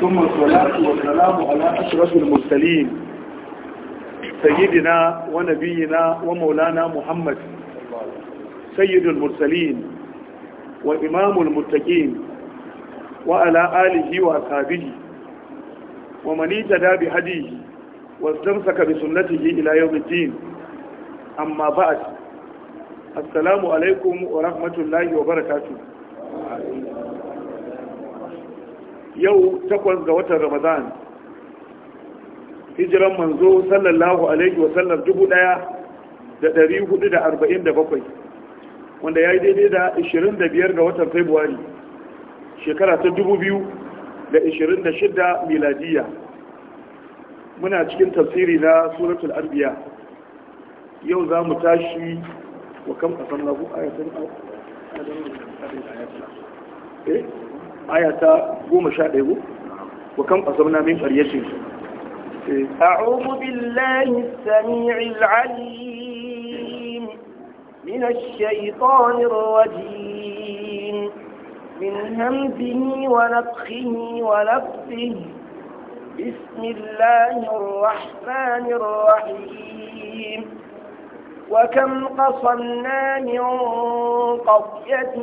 ثم الصلاة والسلام على أشرف المرسلين سيدنا ونبينا ومولانا محمد سيد المرسلين وإمام المتقين وعلى آله وأصحابه ومن اهتدى بهديه واستمسك بسنته إلى يوم الدين أما بعد السلام عليكم ورحمة الله وبركاته yau takwas ga watan ramadan hijiran manzo sallallahu alaihi wa wasallam dubu daya da dari hudu da arba'in da bakwai wanda ya yi daidai da ishirin da biyar ga watan februari shekara ta dubu biyu da ishirin da shida miladiya muna cikin tafsiri na suratul arbiya yau za mu tashi wa kam a san lagu ayatun eh aya ta goma sha ɗaya wa kan ƙasar min ƙaryashin أعوذ بالله السميع العليم من الشيطان الرجيم من همزه ونفخه ونفسه بسم الله الرحمن الرحيم وكم قصمنا من قرية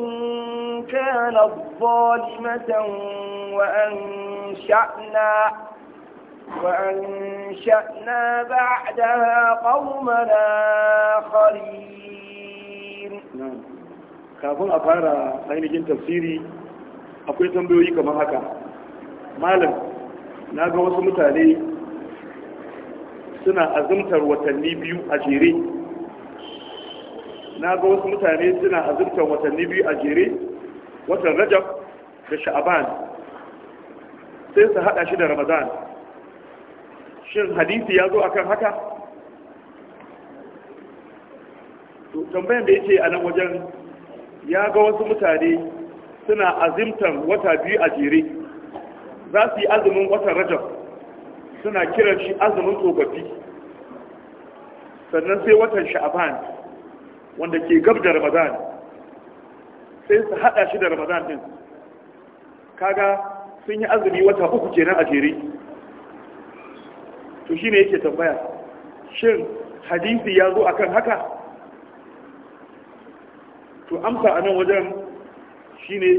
كانت ظالمة وأنشأنا وأنشأنا بعدها قوما آخرين kafin a fara ainihin tafsiri akwai tambayoyi kamar haka malam na ga wasu mutane suna azumtar watanni biyu a jere na ga wasu mutane suna azurtar watanni biyu a jere watan rajab da sha'aban sai su hada shi da ramadan shin hadisi ya zo akan haka To tambayan da yake a nan wajen ya ga wasu mutane suna azimtar wata biyu a jere za su yi azumin watan rajab suna kiran shi azumin tsofaffi sannan sai watan sha'aban wanda ke gab da ramadan sai su hada shi da ramadan din kaga sun yi azumi wata uku kenan a jere to shine yake tambaya shin hadisi ya zo akan haka to amsa a nan wajen shine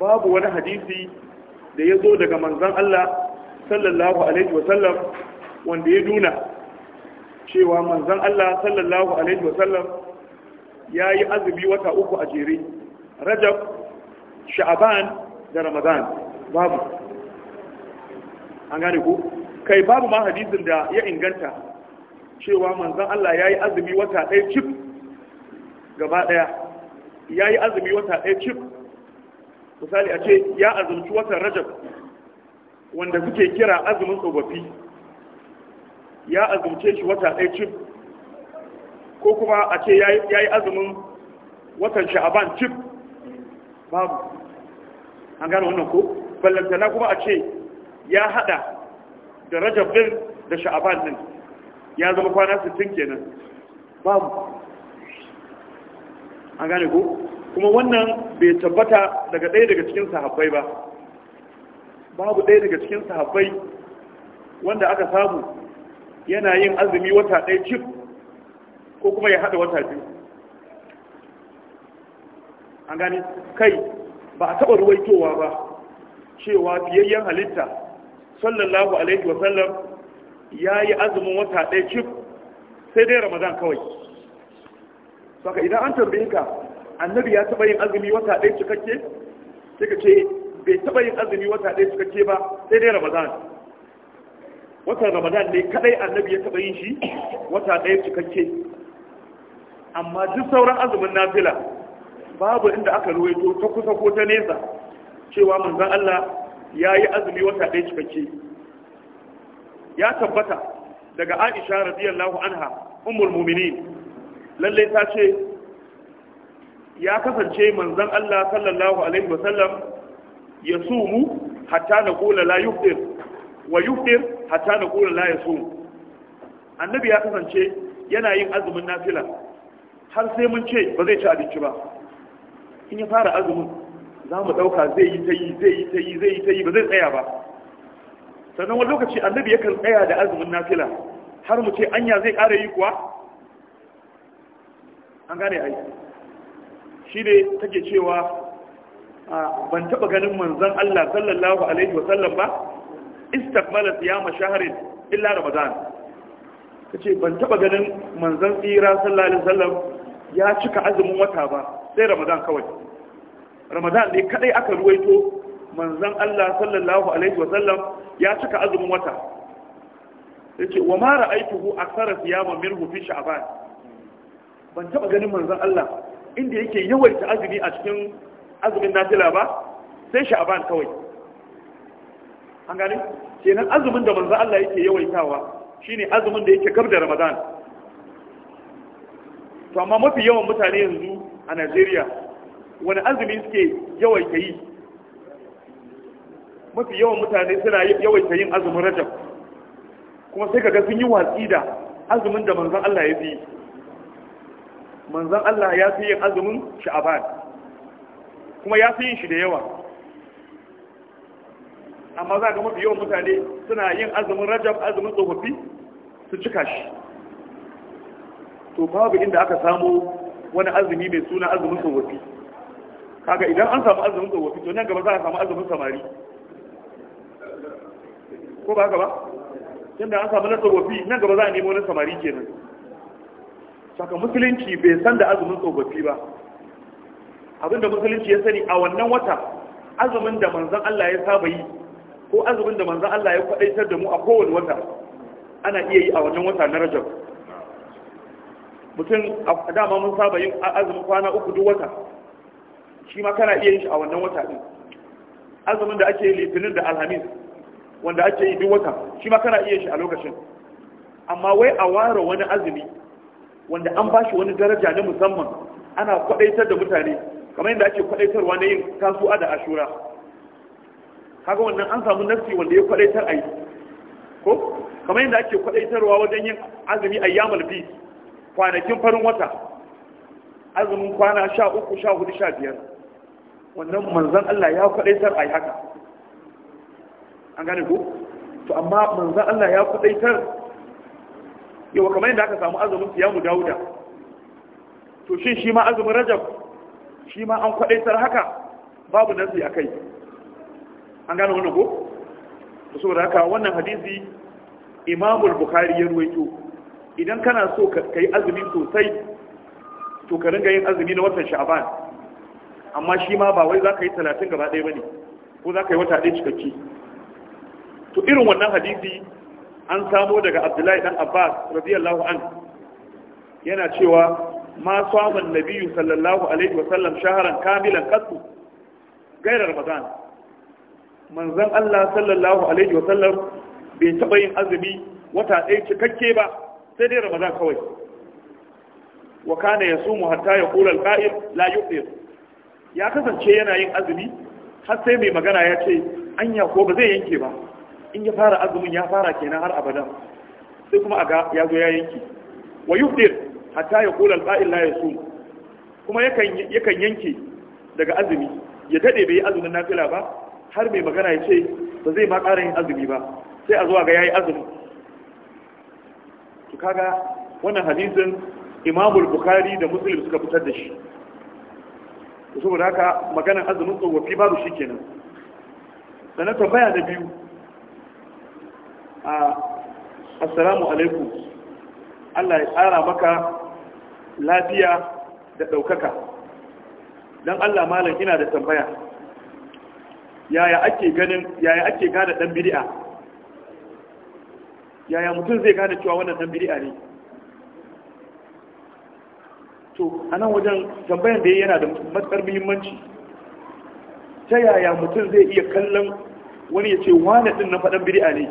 babu wani hadisi da ya zo daga manzan Allah sallallahu alaihi wasallam wanda ya duna cewa manzan Allah sallallahu alaihi wasallam ya yi azumi wata uku a jere rajab sha'aban da ramadan babu an gane ku kai babu ma hadisin da ya inganta cewa manzan Allah ya yi azumi wata ɗaya cif gaba ɗaya ya yi azumi wata ɗaya cif misali a ce ya azumci watan rajab wanda suke kira azumin tsofaffi ya azumce shi wata ɗaya cif ko kuma a ce ya yi azumin watan sha'aban cif babu an gane wannan ko ballantana kuma a ce ya hada da rajab din da sha'aban din ya zama kwana 60 kenan babu an gane ko kuma wannan bai tabbata daga ɗaya daga cikin sahabbai ba babu ɗaya daga cikin sahabbai wanda aka samu yana yin azumi wata ɗaya cif ko kuma ya haɗa wata biyu an gani kai ba a taɓa ruwaitowa ba cewa biyayyen halitta sallallahu alaihi wasallam ya yi azumin wata ɗaya cif sai dai ramadan kawai saka idan an tambaye ka annabi ya taɓa yin azumi wata ɗaya cikakke sai ka ce bai taɓa yin azumi wata ɗaya cikakke ba sai dai ramadan watan ramadan ne kadai annabi ya taɓa yin shi wata ɗaya cikakke amma duk sauran azumin nafila babu inda aka ruwaito ta kusa ko ta nesa cewa manzon Allah ya yi azumi wata ɗaya cikakke ya tabbata daga Aisha radiyallahu anha ummul mu'minin Lallai ta ce ya kasance manzon Allah sallallahu alaihi wasallam ya sumu hatta na kula la yuftir wa yuftir hatta na kula la yasum annabi ya kasance yana yin azumin nafila har sai mun ce ba zai ci abinci ba in ya fara azumin za mu ɗauka zai yi ta yi zai yi ta yi zai yi ta yi ba zai tsaya ba sannan wani lokaci annabi ya kan tsaya da azumin nafila har mu ce anya zai ƙara yi kuwa an gane ai shi ne take cewa ban taɓa ganin manzon Allah sallallahu alaihi wa sallam ba istiqbala siyama shahrin illa ramadan kace ban taɓa ganin manzon tsira sallallahu alaihi wa sallam ya cika azumin wata ba sai ramadan kawai ramadan ne kadai aka ruwaito manzon Allah sallallahu alaihi wa sallam ya cika azumin wata yace wa ma ra'aituhu aksara siyama minhu fi sha'ban ban taba ganin manzon Allah inda yake yawaita azumi a cikin azumin nafila ba sai sha'ban kawai an gane kenan azumin da manzon Allah yake yawaitawa shine azumin da yake gab da ramadan to amma mafi yawan mutane yanzu a najeriya wani azumi suke yawaita yi mafi yawan mutane suna yawaita yin azumin rajab kuma sai kaga sun yi watsi da azumin da manzon Allah ya fi manzon Allah ya fi yin azumin sha'aban kuma ya fi yin shi da yawa amma za ga mafi yawan mutane suna yin azumin rajab azumin tsofaffi su cika shi to babu inda aka samu wani azumi mai suna azumin tsofaffi kaga idan an samu azumin tsofaffi to nan gaba za a samu azumin samari ko ba haka ba tunda an samu na tsofaffi nan gaba za a nemo wani samari kenan saka musulunci bai san da azumin tsofaffi ba abinda musulunci ya sani a wannan wata azumin da manzon Allah ya saba yi ko azumin da manzon Allah ya kwadaitar da mu a kowane wata ana iya yi a wannan wata na Rajab mutum a dama mun saba yin azumin kwana uku duk wata shi ma kana iya yin shi a wannan wata din azumin da ake yi litinin da alhamis wanda ake yi duk wata shi ma kana iya shi a lokacin amma wai a ware wani azumi wanda an ba shi wani daraja na musamman ana kwadaitar da mutane kamar yadda ake kwadaitarwa na yin kasuwa da ashura kaga wannan an samu nafsi wanda ya kwadaitar a yi ko kamar yadda ake kwadaitarwa wajen yin azumi a yamal bi kwanakin farin wata azumin kwana sha uku sha hudu sha biyar wannan manzan Allah ya kwadaitar a yi haka an gane ku to amma manzan Allah ya kwadaitar yau kamar yadda aka samu azumin siyamu Dawuda. to shi shi ma azumin rajab shi ma an kwadaitar haka babu nazi a kai an gane wannan ku to saboda haka wannan hadisi imamul bukhari ya ruwaito idan kana so ka yi azumi sosai to ka ringa yin azumi na watan sha'aban amma shi ma ba wai za ka yi talatin gaba ɗaya ba ne ko za ka yi wata ɗaya cikakke to irin wannan hadisi an samo daga abdullahi dan abbas radiyallahu an yana cewa ma samun nabiyu sallallahu alaihi wasallam shaharan kamilan kasu gairar ramadan manzon allah sallallahu alaihi wasallam bai taɓa yin azumi wata ɗaya cikakke ba sai dai ramadan kawai wa kana yasumu hatta yaqul al la yufṭir ya kasance yana yin azumi har sai mai magana ya ce anya ko ba zai yanke ba in ya fara azumin ya fara kenan har abada sai kuma aga ya zo ya yanke wa yufṭir hatta yaqul al la yasum kuma yakan yakan yanke daga azumi ya dade bai azumin nafila ba har mai magana ya ce ba zai ma ƙara yin azumi ba sai a zuwa ga yayi azumi kaga wannan hadisin imamul bukhari da muslim suka fitar da shi saboda haka maganar azumin tsofaffi babu shi kenan sannan tambaya da biyu a assalamu alaikum allah ya tsara maka lafiya da ɗaukaka don allah malam ina da tambaya yaya ake ganin yaya ake gada ɗan bidi'a yaya mutum zai gane cewa wannan dan bid'a ne to a wajen tambayan da yana da matsar muhimmanci ta yaya mutum zai iya kallon wani ya ce wane din na faɗan bid'a ne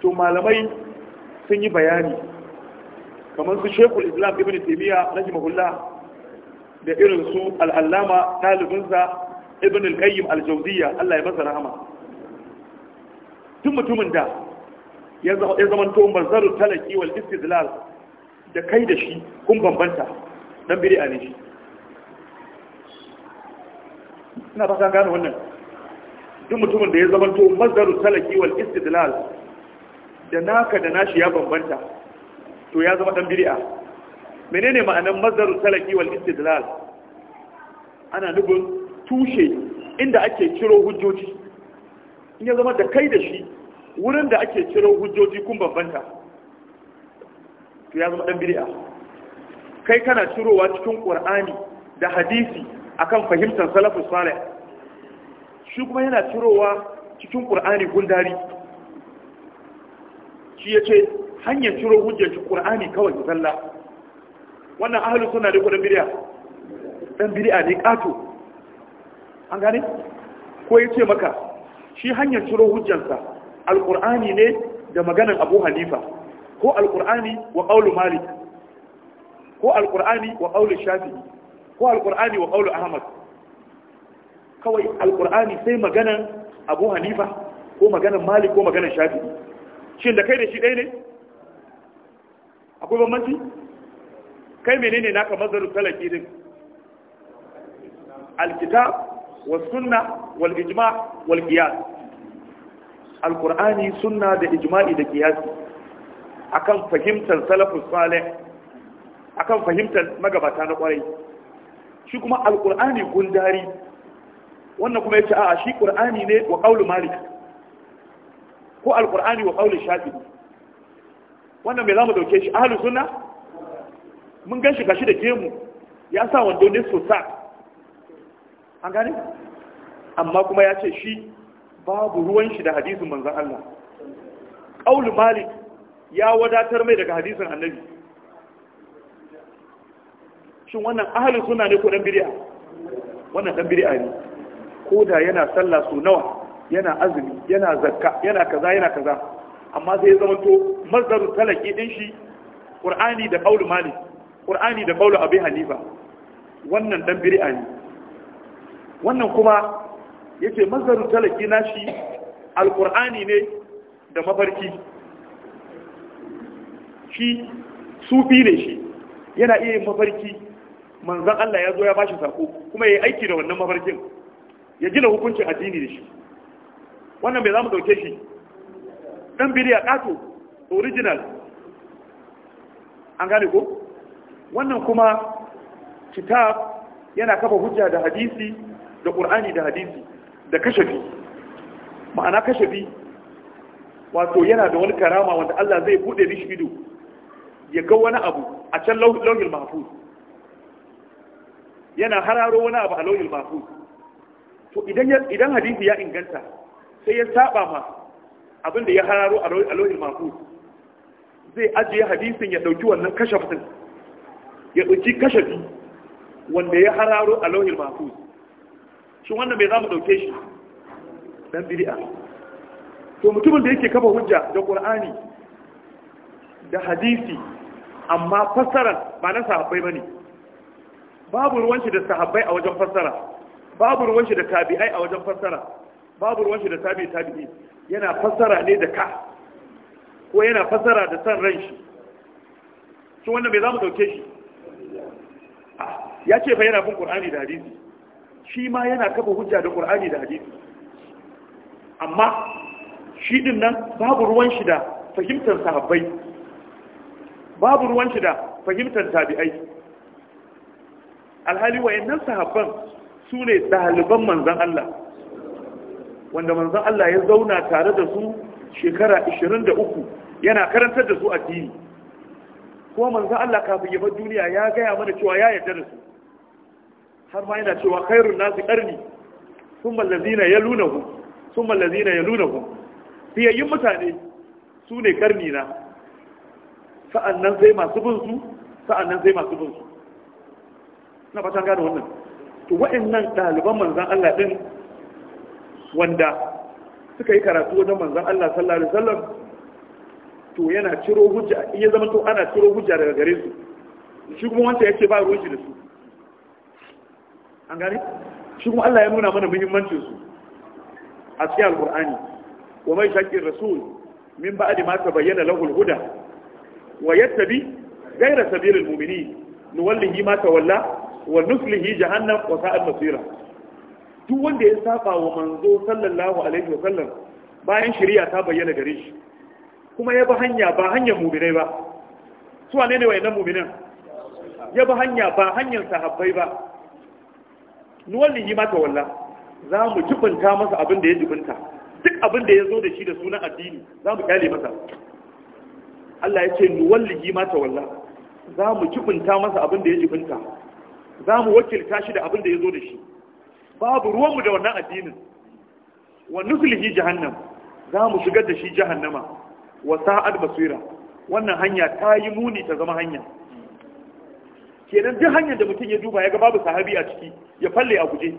to malamai sun yi bayani kamar su shekul islam ibn taimiyya rahimahullah da irin su al'allama ɗalibinsa ibn al-qayyim al-jawziyya Allah ya masa rahama tun mutumin da ya zama to manzaru talaki wal istizlal da kai da shi kun bambanta dan a ne shi ina ba gane wannan duk mutumin da ya zama to manzaru talaki wal istizlal da naka da nashi ya bambanta to ya zama dan a menene ma'anar manzaru talaki wal istizlal ana nufin tushe inda ake ciro hujjoji in ya zama da kai da shi wurin da ake ciro hujjoji kun bambanta to ya zama dan bid'a kai kana cirowa cikin qur'ani da hadisi akan fahimtar salafus salih shi kuma yana cirowa cikin qur'ani gundari shi yace hanyar ciro hujjar qur'ani kawai zalla wannan ahlus sunna ne kuma bid'a dan bid'a ne kato an gane ko yace maka shi hanyar turo hujjansa alkur'ani ne da maganan abu halifa ko alkur'ani wa ƙaulu malik ko alkur'ani wa ƙaulu Shafi, ko alkur'ani wa ƙaulu ahmad kawai alkur'ani sai maganan abu halifa ko maganan malik ko maganan Shafi. shin da kai da shi ɗaya ne akwai bambanci kai menene naka mazarin talaki din alkitab Wasu sunna walijima waliyya, alƙur'ani sun na da ijima'i da giyasi akan fahimtar salafu salaya, akan fahimtar magabata na ƙwaye, shi kuma alƙur'ani wannan kuma ya ci shi ƙur'ani ne wa ƙaunin Malik, ko alƙur'ani wa ƙaunin Shafi, wannan me za dauke shi? Ali sunna mun gaishe kashi da gemu, ya sa wando ne sosai. an gane amma kuma ya ce shi babu ruwan shi da hadisin manzan Allah ƙaul malik ya wadatar mai daga hadisin annabi shin wannan ahalin suna ne ko ɗan biri'a wannan ɗan biri'a ne ko da yana sallah su nawa yana azumi yana zakka yana kaza yana kaza amma sai ya zama to mazdarin talaki ɗin shi ƙur'ani da ƙaul malik ƙur'ani da ƙaul abin hanifa wannan ɗan biri'a ne wannan kuma yace mazarin talaki nashi alqur'ani ne da mafarki shi sufi ne shi yana iya yin mafarki manzon Allah ya zo ya bashi sako kuma yayi aiki da wannan mafarkin ya gina hukuncin addini da shi wannan bai za mu dauke shi dan bidiya kato original an gane ko wannan kuma kitab yana kafa hujja da hadisi da ƙur'ani da hadisi da kashafi ma'ana kashafi wato yana da wani karama wanda Allah zai buɗe mishi ido ya ga wani abu a can lauhin mahfuz yana hararo wani abu a lauhin mahfuz to idan idan hadisi ya inganta sai ya saba ma abin da ya hararo a lauhin mahfuz zai ajiye hadisin ya dauki wannan kashafin ya dauki kashafi wanda ya hararo a lauhin mahfuz shi wannan bai za mu ɗauke shi ɗan bidi'a to mutumin da yake kafa hujja da ƙur'ani da hadisi amma fassara ba na sahabbai ba ne babu shi da sahabbai a wajen fassara babu shi da tabi'ai a wajen fassara babu shi da tabi'i tabi'i yana fassara ne da ka ko yana fassara da san ran shi shi wannan bai za mu ɗauke shi ya ce fa yana bin ƙur'ani da hadisi shi ma yana kafa hujja da ƙur'ani da hadisi amma shi din nan babu ruwan shi da fahimtar sahabbai babu ruwan shi da fahimtar tabi'ai alhali wayannan sahabban su ne ɗaliban manzan Allah wanda manzan Allah ya zauna tare da su shekara 23 yana karantar da su addini Ko manzan Allah kafin ya bar duniya ya gaya mana cewa ya yarda da su har ma yana cewa khairun nasi qarni thumma allazina yalunahu ya luna yalunahu fiyayyun mutane su ne karni na sa'annan sai masu bin su sa'annan sai masu bin su na fatan gane wannan to wa'annan ɗaliban manzan Allah din wanda suka yi karatu wajen manzan Allah sallallahu alaihi wasallam to yana ciro hujja iya zama to ana ciro hujja daga gare su shi kuma wanda yake ba ruwan shi da su an gane shi kuma Allah ya nuna mana muhimmancin su a cikin alqur'ani wa mai shaqi rasul min ba'di ma tabayyana lahu al-huda wa yattabi ghayra sabilil mu'minin nuwallihi ma tawalla wa nuslihi jahannam wa sa'at masira duk wanda ya saba wa manzo sallallahu alaihi wa sallam bayan shari'a ta bayyana gare shi kuma ya ba hanya ba hanyar mu'minai ba su wane ne wayannan mu'minan ya ba hanya ba hanyar sahabbai ba nuwallin yi mata walla za mu jibinta masa abin da ya jibinta duk abin da ya zo da shi da sunan addini za mu kyale masa Allah ya ce nuwallin yi mata walla za mu jibinta masa abin da ya jibinta za mu wakilta shi da abin da ya zo da shi babu ruwanmu da wannan addinin wa nuslihi jahannam za mu shigar da shi jahannama wa sa'ad basira wannan hanya ta yi muni ta zama hanya kenan duk hanyar da mutum ya duba ya ga babu sahabi a ciki ya falle a guje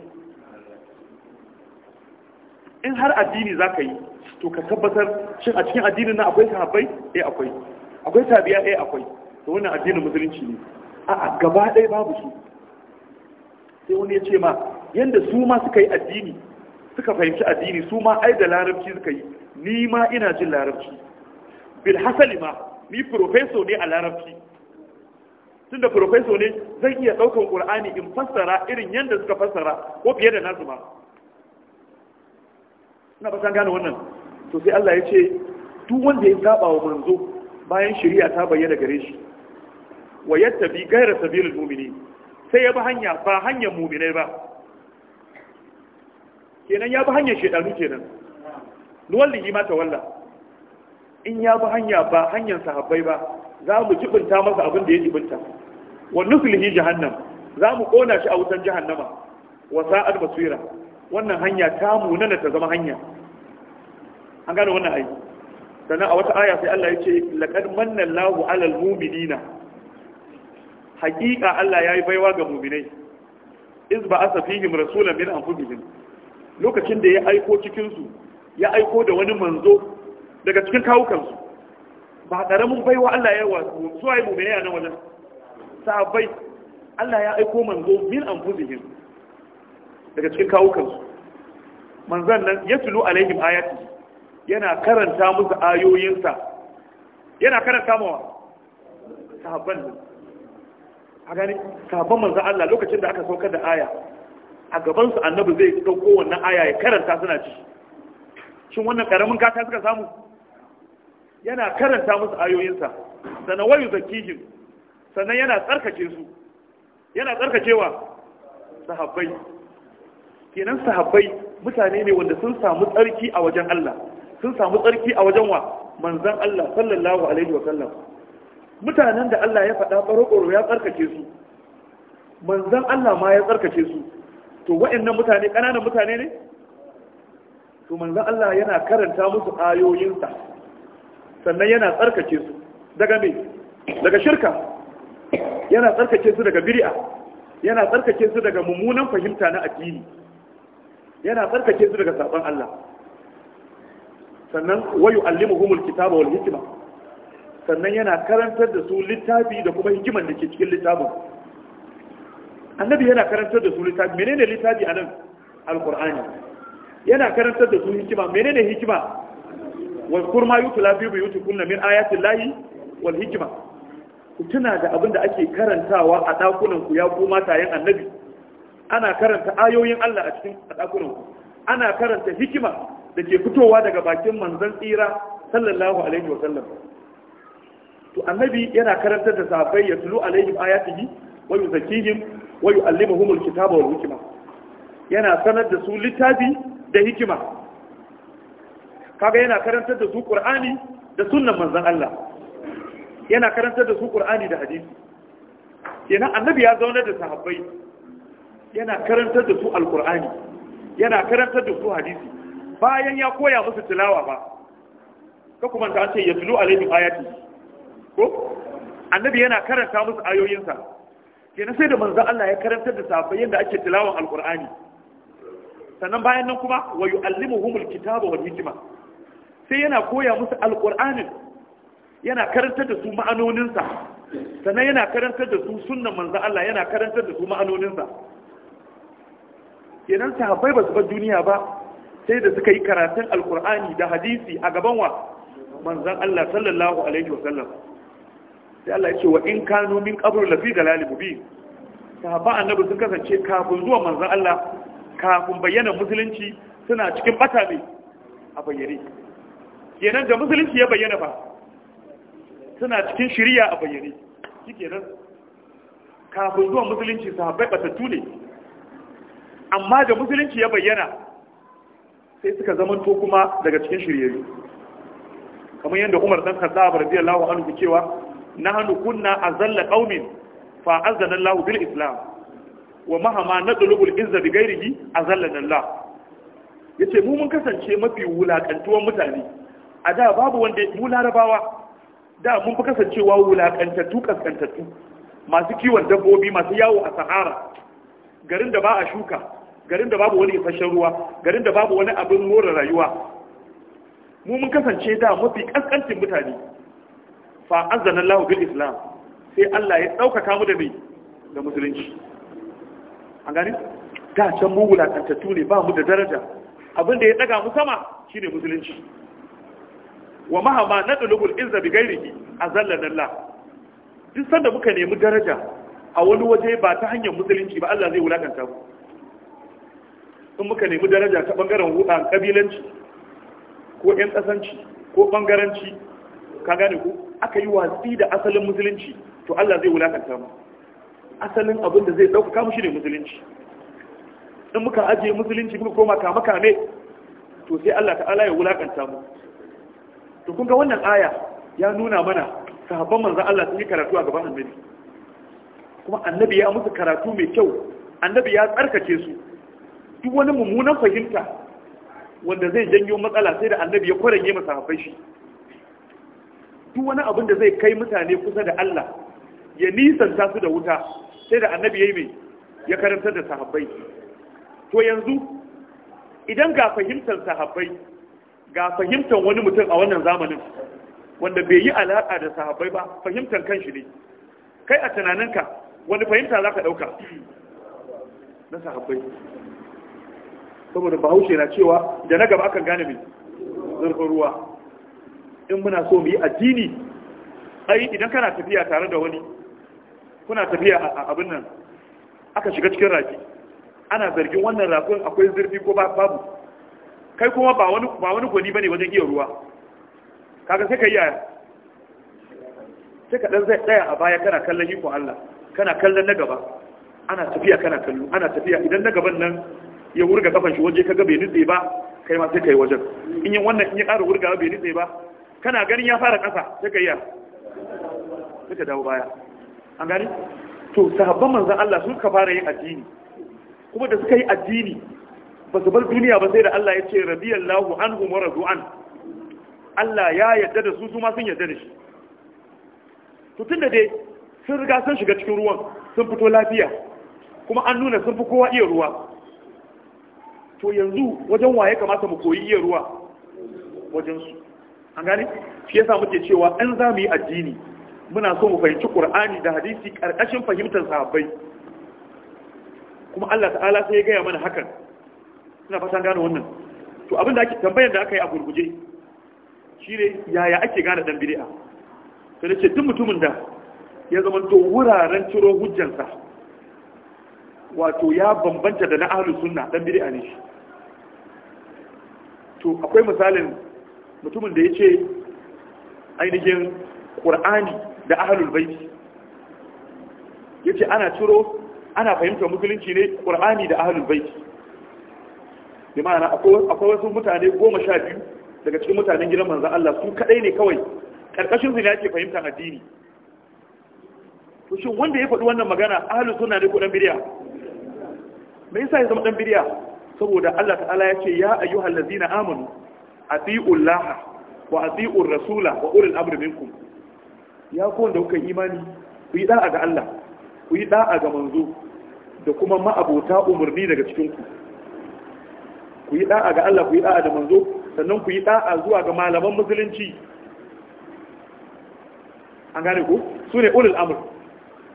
in har addini za ka yi to ka tabbatar shin a cikin addinin na akwai sahabbai a eh, akwai akwai tabiya a eh, akwai to wannan addinin musulunci ne a'a gaba ɗaya babu su sai wani ya ce ma yadda su ma suka yi addini suka fahimci addini su ma ai da larabci suka yi ni ma ina jin larabci bil hasali ma ni profeso ne a larabci tunda professor ne zan iya ɗaukan qur'ani in fassara irin yadda suka fassara ko fiye da nasu ba na ba san gane wannan to sai Allah ya ce duk wanda ya saba wa manzo bayan shari'a ta bayyana gare shi wa yattabi ghayra sabilil mu'minin sai ya bi hanya ba hanyar mu'minai ba kenan ya bi hanyar shedanu kenan yi ma walla. in ya bi hanya ba hanyar sahabbai ba za mu jibinta masa abin da ya jibinta Wannan nuflihi jahannam za mu kona shi a wutan jahannama wa sa'ad basira wannan hanya ta munana ta zama hanya an gane wannan ai sannan a wata aya sai Allah ya ce laqad manna Allahu 'alal mu'minina haqiqa Allah yayi baiwa ga mu'minai iz ba'atha fihim rasulan min anfusihim lokacin da ya aiko cikin su ya aiko da wani manzo daga cikin kawukansu ba ƙaramin baiwa Allah ya yi wa su ai mu'minai a nan wajen sabai Allah ya aiko manzo min anfusihim daga cikin kawukan su. manzon nan ya tulu alaihim ayati yana karanta musu ayoyinsa yana karanta mawa sahabban nan a gani sahabban manzo Allah lokacin da aka saukar da aya a gaban su annabi zai ɗauko wannan aya ya karanta suna ci shin wannan ƙaramin kata suka samu yana karanta musu ayoyinsa sannan wayu zakihim sannan yana tsarkake su yana tsarkakewa sahabbai kenan sahabbai mutane ne wanda sun samu tsarki a wajen Allah sun samu tsarki a wajen wa manzan Allah sallallahu alaihi wa sallam mutanen da Allah ya faɗa ɓaro ya tsarkake su manzan Allah ma ya tsarkake su to wa'annan mutane ƙananan mutane ne to manzan Allah yana karanta musu ayoyinsa sannan yana tsarkake su daga me daga shirka yana tsarkake su daga bid'a yana tsarkake su daga mummunan fahimta na addini yana tsarkake su daga sabon Allah sannan wayu allimuhumul kitaba wal hikma sannan yana karantar da su littafi da kuma hikiman da ke cikin littafin annabi yana karantar da su littafi menene littafi anan alqur'ani yana karantar da su hikima menene hikima wal kurma yutla bi buyutikum min ayati llahi wal hikma ku tuna da abin da ake karantawa a ɗakunan ku ya kuma tayin annabi ana karanta ayoyin Allah a cikin ɗakunanku. ana karanta hikima da ke fitowa daga bakin manzon tsira sallallahu alaihi wa sallam to annabi yana karantar da sahabbai ya tulu alaihim ayatihi wa yuzakihim wa yu'allimuhum alkitaba wal hikma yana sanar da su littafi da hikima kaga yana karantar da su qur'ani da sunnan manzon Allah yana karantar da su qur'ani da hadisi kenan annabi ya zauna da sahabbai yana karantar da su alqur'ani yana karantar da su hadisi bayan ya koya musu tilawa ba ka kuma ta ce ya tulu alaihim ayati ko annabi yana karanta musu ayoyinsa kenan sai da manzo Allah ya karantar da sahabbai yadda ake tilawan alqur'ani sannan bayan nan kuma wa yu'allimuhumul kitaba wal hikma sai yana koya musu alqur'anin yana karantar da su ma'anoninsa sannan yana karantar da su sunna manzan Allah yana karantar da su ma'anoninsa kenan sahabbai ba su bar duniya ba sai da suka yi karatun alkur'ani da hadisi a gaban wa manzan Allah sallallahu alaihi wa sallam sai Allah ya ce wa in kanu min qabru lafi dalal mubin sahabba annabi sun kasance kafin zuwa manzan Allah kafin bayyana musulunci suna cikin bata ne a bayyane kenan da musulunci ya bayyana ba suna cikin shirya a bayyane ke nan kafin zuwa musulunci sahabbai batattu ne amma da musulunci ya bayyana sai suka zamanto kuma daga cikin shiryayyu kamar yadda Umar dan Khattab radiyallahu anhu Na hannu kunna azalla zalla ƙaunin azana bil Islam wa mahama nadlubul izza a a azallana Ya ce mu mun kasance mafi wulakantuwan mutane a da babu wanda mu larabawa da mun fi kasancewa wulakantattu kaskantattu masu kiwon dabbobi masu yawo a sahara garin da ba a shuka garin da babu wani isasshen ruwa garin da babu wani abin more rayuwa mu mun kasance da mafi kaskancin mutane fa azana Allah bil Islam sai Allah ya daukaka mu da mai da musulunci an gani da can mu wulakantattu ne ba mu da daraja abin da ya daga mu sama shine musulunci wa mahama nadlubul izza bi ghairihi azallana Allah duk sanda muka nemi daraja a wani waje ba ta hanyar musulunci ba Allah zai wulakanta mu in muka nemi daraja ta bangaren hudan kabilanci ko yan kasanci ko bangaranci ka gane ku. aka yi watsi da asalin musulunci to Allah zai wulakanta mu asalin abin da zai dauka mu shine musulunci in muka ajiye musulunci muka koma kama kame to sai Allah ta'ala ya wulakanta mu to kun ga wannan aya ya nuna mana sahabban manzon Allah sun yi karatu a gaban annabi kuma annabi ya musu karatu mai kyau annabi ya tsarkake su duk wani mummunan fahimta wanda zai janyo matsala sai da annabi ya kwaranye masa hafai shi duk wani abin da zai kai mutane kusa da Allah ya nisanta su da wuta sai da annabi ya yi mai ya karantar da sahabbai to yanzu idan ga fahimtar sahabbai ga fahimtar wani mutum a wannan zamanin wanda bai yi alaƙa da sahabbai ba fahimtar shi ne kai a tunaninka wani fahimta za ka ɗauka na sahabbai saboda bahaushe na cewa da na gaba akan gane mai zurfin ruwa in muna so mu yi addini ai idan kana tafiya tare da wani kuna tafiya a abin nan aka shiga cikin rafi ana zargin wannan rafin akwai zurfi ko babu kai kuma ba wani ba wani bane wajen iya ruwa kaga sai ka yi yaya sai ka dan tsaya a baya kana kallon ikon Allah kana kallon na gaba ana tafiya kana kallo ana tafiya idan na gaban nan ya wurga kafan shi waje kaga bai nutse ba kai ma sai kai wajen in yi wannan in ya ƙara wurga bai nutse ba kana ganin ya fara ƙasa sai kai ya sai ka dawo baya an gani to sahabban manzon Allah sun ka fara yin addini kuma da suka yi addini ba su bar duniya ba sai da Allah ya ce radiyallahu anhum wa radu'an Allah ya yadda da su su ma sun yarda da shi to tunda dai sun riga sun shiga cikin ruwan sun fito lafiya kuma an nuna sun fi kowa iya ruwa to yanzu wajen waye kamata mu koyi iya ruwa wajen su an gane shi yasa muke cewa an za mu yi addini muna so mu fahimci qur'ani da hadisi karkashin fahimtar sahabbai kuma Allah ta'ala sai ya gaya mana hakan suna fata gane wannan to abin da ake tambayar da aka yi a gurguje shine yaya ake gane dan bid'a to da duk mutumin da ya zama to wuraren ciro hujjansa wato ya bambanta da na ahlus sunna dan bid'a ne shi to akwai misalin mutumin da yace ainihin qur'ani da ahlul baiti ya ana ciro ana fahimtar musulunci ne ƙur'ani da ahlul baiti bi ma'ana akwai wasu mutane goma sha biyu daga cikin mutanen gidan manzan Allah su kaɗai ne kawai ƙarƙashin zina ke fahimtar addini to shin wanda ya faɗi wannan magana ahlus sunna ne ko dan bid'a me yasa ya zama dan bid'a saboda Allah ta'ala ya ce ya ayyuhal ladzina amanu atiiu Allah wa atiiu rasula wa ulil amri minkum ya ku wanda kuka imani ku yi da'a ga Allah ku yi da'a ga manzo da kuma ma'abota umarni daga cikin ku ku yi da'a ga Allah ku yi da'a da manzo sannan ku yi da'a zuwa ga malaman musulunci an gane ku su ne ulul amr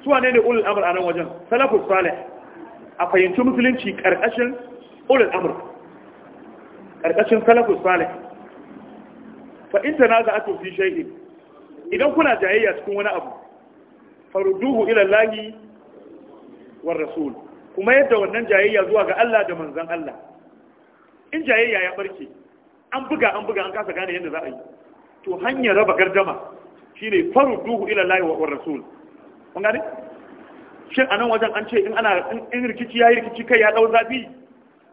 su wane ne ulul amr a nan wajen salafus salih a fahimci musulunci karkashin ulul amr karkashin salafus salih fa in tanaza'atu fi shay'in idan kuna jayayya cikin wani abu farduhu ila Allah war rasul kuma yadda wannan jayayya zuwa ga Allah da manzon Allah in jayayya ya barke an buga an buga an kasa gane yadda za a yi to hanyar raba gardama shine faru duhu ila layi wa rasul kun gane shin a nan wajen an ce in ana in rikici ya yi rikici kai ya dau zafi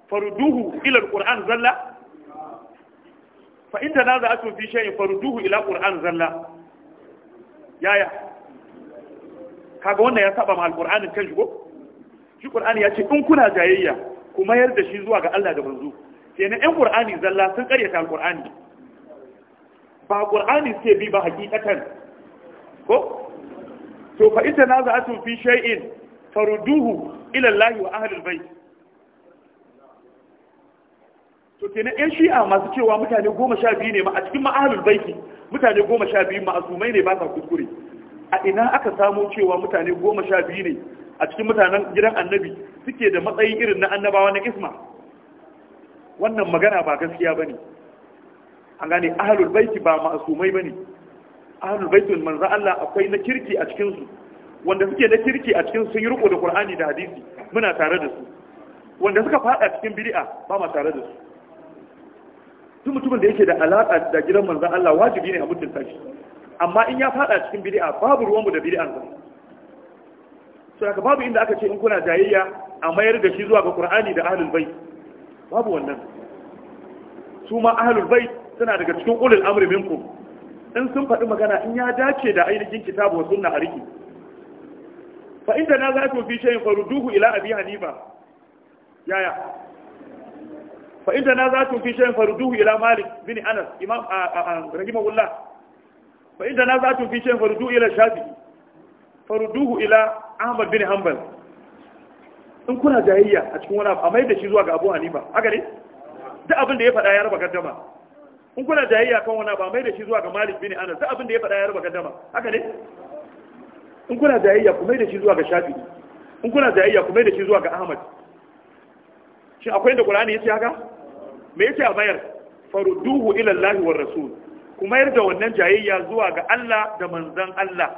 faru duhu ila alquran zalla fa inda na za a tofi shayin faru duhu ila alquran zalla yaya kaga wannan ya saba ma alqur'anin kan shi ko shi qur'ani ya ce in kuna jayayya ku mayar da shi zuwa ga Allah da manzo kenan yan qur'ani zalla sun karyata alqur'ani ba qur'ani ce bi ba hakikatan ko to fa ita na za'atu fi shay'in farduhu ila Allah wa ahli albayt to kenan yan shi'a masu cewa mutane goma sha biyu ne ma a cikin ma ahlul baiti mutane goma sha biyu ma'asumai ne ba sa kuskure a ina aka samo cewa mutane goma sha biyu ne a cikin mutanen gidan annabi suke da matsayi irin na annabawa na isma wannan magana ba gaskiya ba ne an gane ahalul baiti ba ma'asumai ba ne ahalul baitul manzan Allah akwai na kirki a cikinsu wanda suke na kirki a cikin sun yi riko da ƙur'ani da hadisi muna tare da su wanda suka fada cikin bid'a ba ma tare da su duk mutumin da yake da alaƙa da gidan manzan Allah wajibi ne a mutunta shi amma in ya fada cikin bid'a babu ruwanmu da bid'an sa sai ka babu inda aka ce in kuna jayayya a mayar da shi zuwa ga Qur'ani da ahlul bait babu wannan su ma ahlul bait suna daga cikin ulul amri minkum in sun faɗi magana in ya dace da ainihin kitabu wasu, sunna a riki fa inda na za fi shayin faruduhu ila abi hanifa yaya fa inda na za fi shayin faruduhu ila malik bin anas imam rahimahullah fa inda na za fi shayin faruduhu ila shafi'i faruduhu ila ahmad bin hanbal in kuna jayayya a cikin wani a mai da shi zuwa ga abu Halima haka ne duk abin da ya faɗa ya raba gaddama in kuna jayayya kan wani ba mai da shi zuwa ga malik bin anas duk abin da ya faɗa ya raba gaddama haka ne in kuna jayayya ku mai da shi zuwa ga Shafi? in kuna jayayya ku mai da shi zuwa ga ahmad shin akwai inda qur'ani yace haka me yace a mayar Faru ila allahi war rasul ku mayar da wannan jayayya zuwa ga Allah da manzon Allah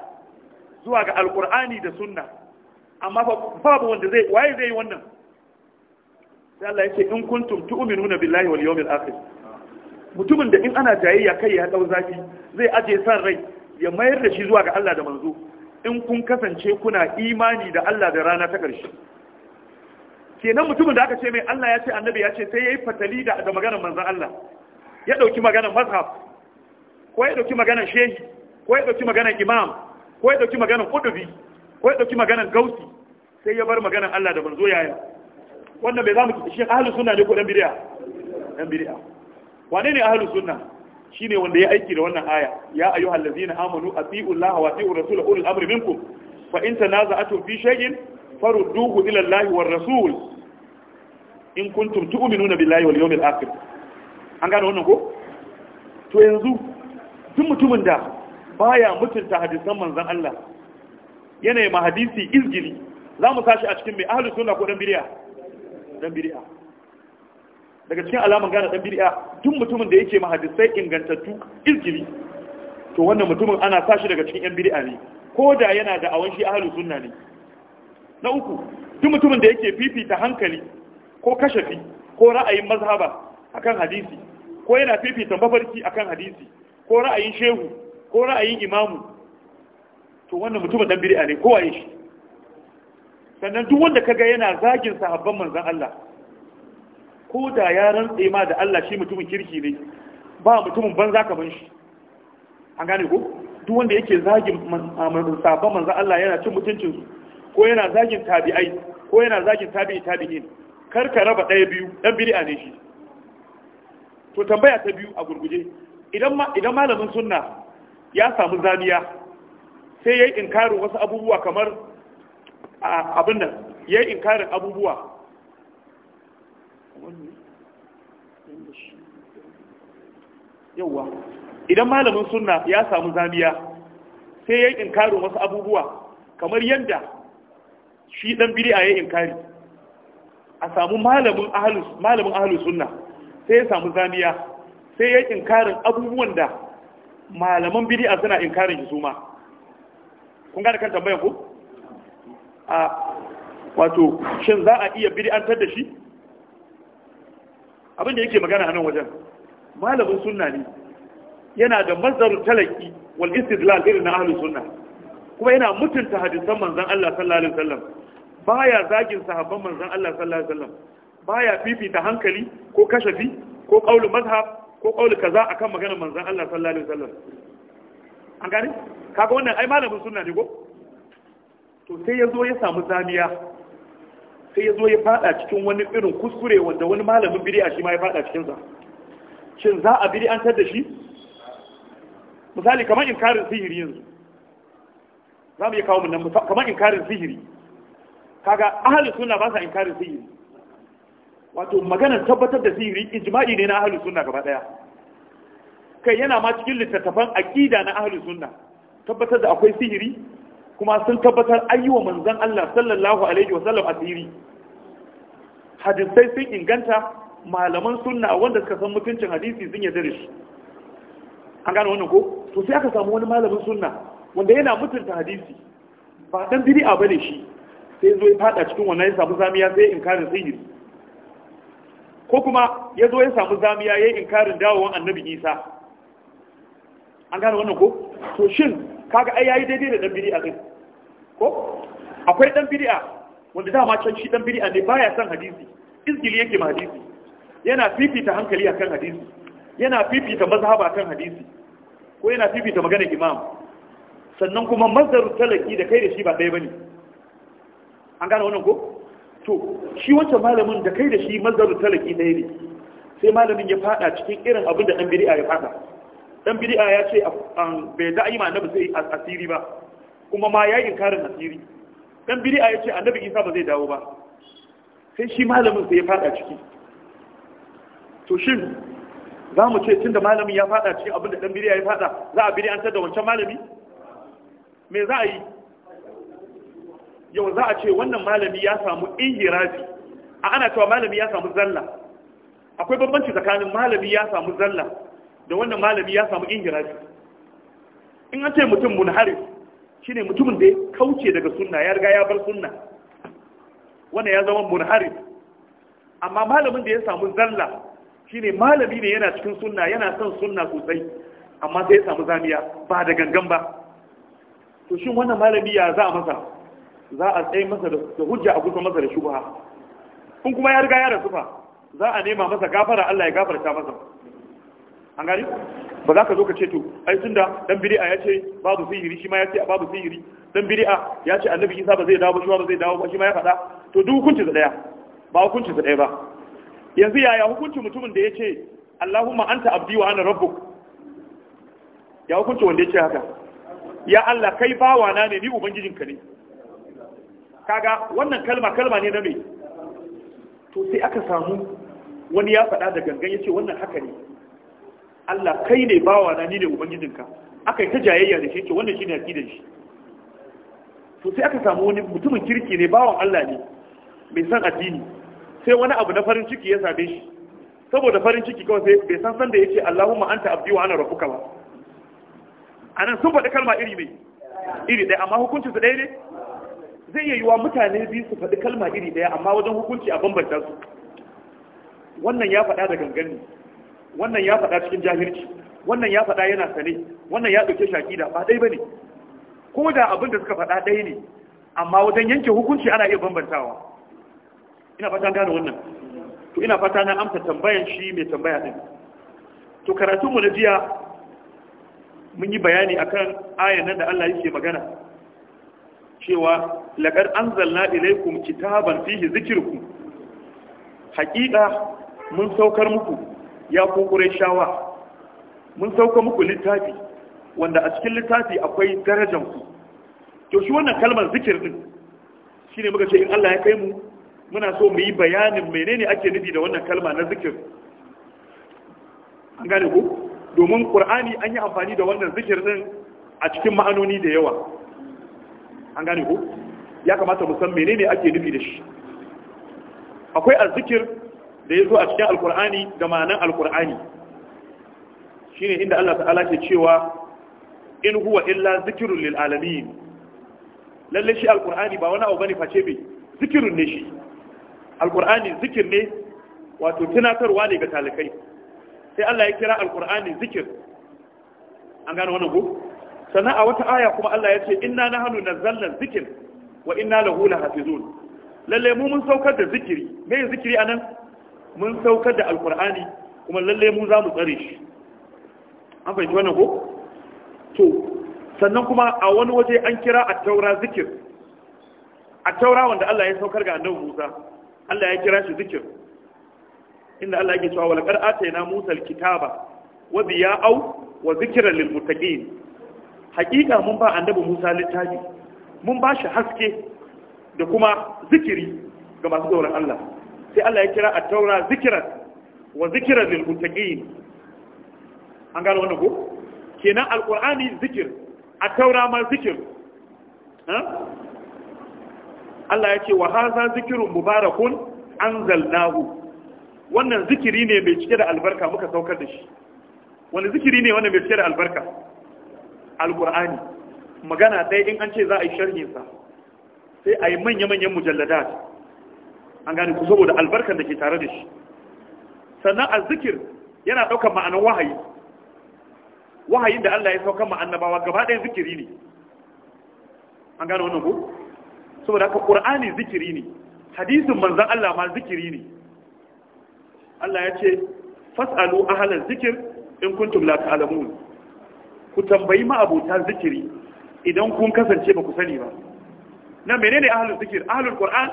zuwa ga alqur'ani da sunna amma babu wanda zai waye zai yi wannan sai Allah yake in kuntum tu'minuna billahi wal yawmil akhir mutumin da in ana jayayya kai ya dau zafi zai aje san rai ya mayar da shi zuwa ga Allah da manzo in kun kasance kuna imani da Allah da rana ta karshe kenan mutumin da aka ce mai Allah ya ce annabi ya ce sai yayi fatali da da maganar manzon Allah ya dauki maganar mazhab ko ya dauki maganar shehi ko ya dauki maganar imam ko ya dauki maganar kudubi ko ya ɗauki maganar gausi sai ya bar maganar Allah da manzo yaya wannan bai za zamu shi ahlus sunna ne ko dan bid'a dan bid'a wane ne ahlus sunna shine wanda ya aiki da wannan aya ya ayyuhal ladzina amanu atiu Allah wa atiu rasul ulul amri minkum fa in tanaza'tum fi shay'in farudduhu ila Allah war rasul in kuntum tu'minuna billahi wal yawmil akhir an gane wannan ko to yanzu duk mutumin da baya mutunta hadisan manzon Allah yanayi ma hadisi izgili za mu sashi a cikin mai ahalus suna ko dan biriya? dan biriya. daga cikin alaman gane dan biriya, duk mutumin da yake ma hadisai ingantattu izgili to wannan mutumin ana sashi daga cikin yan biriya ne ko da yana da awon shi ahalus sunna ne na uku duk mutumin da yake fifita hankali ko kashafi ko ra'ayin mazhaba akan hadisi ko yana fifita mafarki akan hadisi ko ra'ayin shehu ko ra'ayin imamu to wannan mutumin dan bid'a ne kowa waye shi sannan duk wanda kaga yana zagin sahabban manzon Allah ko da ya rantse ma da Allah shi mutumin kirki ne ba mutumin banza kaman shi an gane ko duk wanda yake zagin sahabban manzon Allah yana cin mutuncin su ko yana zagin tabi'ai ko yana zagin tabi'i tabi'in kar ka raba ɗaya biyu dan bid'a ne shi to tambaya ta biyu a gurguje idan malamin sunna ya samu zaniya sai ya yi inkarin wasu abubuwa kamar abin nan ya yi inkarin abubuwa yauwa idan malamin sunna ya samu zamiya sai ya yi inkarin wasu abubuwa kamar yadda shi dan bid'a ya inkari a samu malamin ahalus, malamin ahlus sunna sai ya samu zamiya sai ya yi inkarin abubuwan da malaman bid'a suna inkarin su ma kun gane kan tambayar ku a wato shin za a iya bid'antar da shi abin da yake magana a nan wajen malamin sunna ne yana da mazdarul talaki wal istidlal irin na ahlus sunna kuma yana mutunta hadisan manzon Allah sallallahu alaihi wasallam baya zagin sahabban manzon Allah sallallahu alaihi wasallam baya fifita hankali ko kashafi ko qaulul mazhab ko qaulul kaza akan maganar manzon Allah sallallahu alaihi wasallam an gane kaga wannan ai malamin sunna ne ko to sai ya zo ya samu zamiya sai ya zo ya fada cikin wani irin kuskure wanda wani malamin bid'a shi ma ya fada cikin sa shin za a bid'antar da shi misali kamar inkarin sihiri yanzu za mu iya kawo mun kamar inkarin sihiri kaga ahli suna ba sa inkarin sihiri wato maganar tabbatar da sihiri ijma'i ne na ahli suna gaba daya kai yana ma cikin littattafan aƙida na ahlus sunna tabbatar da akwai sihiri kuma sun tabbatar ayyuwa manzon Allah sallallahu alaihi wa sallam asiri hadisai sun inganta malaman sunna wanda suka san mutuncin hadisi sun yarda da shi an gane wannan ko to sai aka samu wani malamin sunna wanda yana mutunta hadisi ba dan a bane shi sai zo ya fada cikin wannan ya samu zamiya sai inkarin sihiri ko kuma ya zo ya samu zamiya ya yi inkarin dawowan annabi isa an gane wannan ko to shin kaga ai yayi daidai da dan bid'a din ko akwai dan bid'a wanda dama can shi dan bid'a ne baya son hadisi izgili yake ma hadisi yana fifita hankali akan hadisi yana fifita mazhaba akan hadisi ko yana fifita maganar imam sannan kuma mazharu talaki da kai da shi ba ɗaya bane an gane wannan ko to shi wancan malamin da kai da shi mazharu talaki ɗaya ne sai malamin ya fada cikin irin abin da dan bid'a ya fada dan bid'a ya ce bai da ayi annabi zai asiri ba kuma ma yayin karin asiri dan bid'a ya ce annabi Isa ba zai dawo ba sai shi malamin sai ya fada ciki to shin za mu ce tunda malamin ya fada cikin abin da dan bid'a ya fada za a bid'antar da wancan malami me za a yi yau za a ce wannan malami ya samu ihirafi a ana cewa malami ya samu zalla akwai bambanci tsakanin malami ya samu zalla da wannan malami ya samu ingirafi in an ce mutum shi shine mutumin da ya kauce daga sunna ya riga ya bar sunna wannan ya zama munharif amma malamin da ya samu zalla shine malami ne yana cikin sunna yana son sunna sosai amma sai ya samu zamiya ba da gangan ba to shin wannan malami ya za a masa za a tsaye masa da hujja a kusa masa da shubha in kuma ya riga ya rasu fa za a nema masa gafara Allah ya gafarta masa an gari ba za ka zo ka ce to ai tunda dan bid'a ya ce babu sihiri shi ma ya ce babu sihiri dan bid'a ya ce annabi Isa ba zai dawo ba shi ba zai dawo ba shi ma ya faɗa to duk hukunci da daya ba hukunci da daya ba yanzu yaya hukunci mutumin da ya ce Allahumma anta abdi wa ana rabbuk ya hukunci wanda ya ce haka ya Allah kai bawana ne ni ubangijinka ne kaga wannan kalma kalma ne na me to sai aka samu wani ya faɗa da gangan ya ce wannan haka ne Allah kai ne bawa na ni ne ubangijinka aka yi ta jayayya da shi yake wannan shi shine aqidar shi to sai aka samu wani mutumin kirki ne bawan Allah ne mai san addini sai wani abu na farin ciki ya same shi saboda farin ciki kawai sai bai san san da ce Allahumma anta abdi wa ana rabbuka ba anan sun faɗi kalma iri mai iri ɗaya amma hukuncin su ɗaya ne zai iya yiwa mutane biyu su faɗi kalma iri ɗaya amma wajen hukunci a bambanta su wannan ya faɗa da gangan wannan ya faɗa cikin jahilci wannan ya faɗa yana sane wannan ya ɗauke shaki da ba ɗai ba ne ko da abin da suka faɗa ɗaya ne amma wajen yanke hukunci ana iya bambantawa ina fata gane wannan to ina fata na amsa tambayan shi mai tambaya din to karatun mu na jiya mun yi bayani akan ayan nan da Allah yake magana cewa laqad anzalna ilaykum kitaban fihi dhikrukum haqiqa mun saukar muku ya kokure shawa mun sauka muku littafi wanda a cikin littafi akwai darajan ku to shi wannan kalmar zikir din shine muka ce in Allah ya kai mu muna so mu yi bayanin menene ake nufi da wannan kalma na zikir an gane ku domin qur'ani an yi amfani da wannan zikir din a cikin ma'anoni da yawa an gane ku ya kamata mu san menene ake nufi da shi akwai azzikir da ya zo a cikin alkur'ani da ma'anan alkur'ani ne inda Allah ta'ala ke cewa in huwa illa zikirun lil lalle shi alkur'ani ba wani abu bane face bai zikirun ne shi alkur'ani zikir ne wato tunatarwa ne ga talakai sai Allah ya kira alkur'ani zikir an gano wannan ko sannan a wata aya kuma Allah ya ce inna nahnu nazzalna zikr wa inna lahu lahafizun lalle mu mun saukar da zikiri me zikiri anan mun saukar da alkur'ani kuma lalle mu za mu tsare shi an fahimci wannan ko to sannan kuma a wani waje an kira a taura zikir a taura wanda Allah ya saukar ga annabi Musa Allah ya kira shi zikir inda Allah yake cewa walaqad atayna Musa alkitaba wa diya'au wa zikran lilmuttaqin hakika mun ba annabi Musa littafi mun ba shi haske da kuma zikiri ga masu tsoron Allah sai Allah ya kira at-taura zikran wa zikran lil muttaqin an gano wannan ko kenan alqur'ani zikir at-taura ma zikir Allah ya ce wa haza zikirun mubarakun anzalnahu wannan zikiri ne mai cike da albarka muka saukar da shi wani zikiri ne wanda mai cike da albarka alqur'ani magana ɗaya in an ce za a yi sa sai a yi manya-manyan mujalladat an gane ku saboda albarkar da ke tare da shi sannan azzikir yana ɗaukar ma'anar wahayi wahayin da Allah ya sauka ma'annabawa gaba ɗaya zikiri ne an gane wannan ku saboda haka ƙur'ani zikiri ne hadisin manzan Allah ma zikiri ne Allah ya ce fas'alu ahalan zikir in kuntum la ta'lamun ku tambayi ma'abota zikiri idan kun kasance ba ku sani ba Nan menene ahlul zikir ahlul qur'an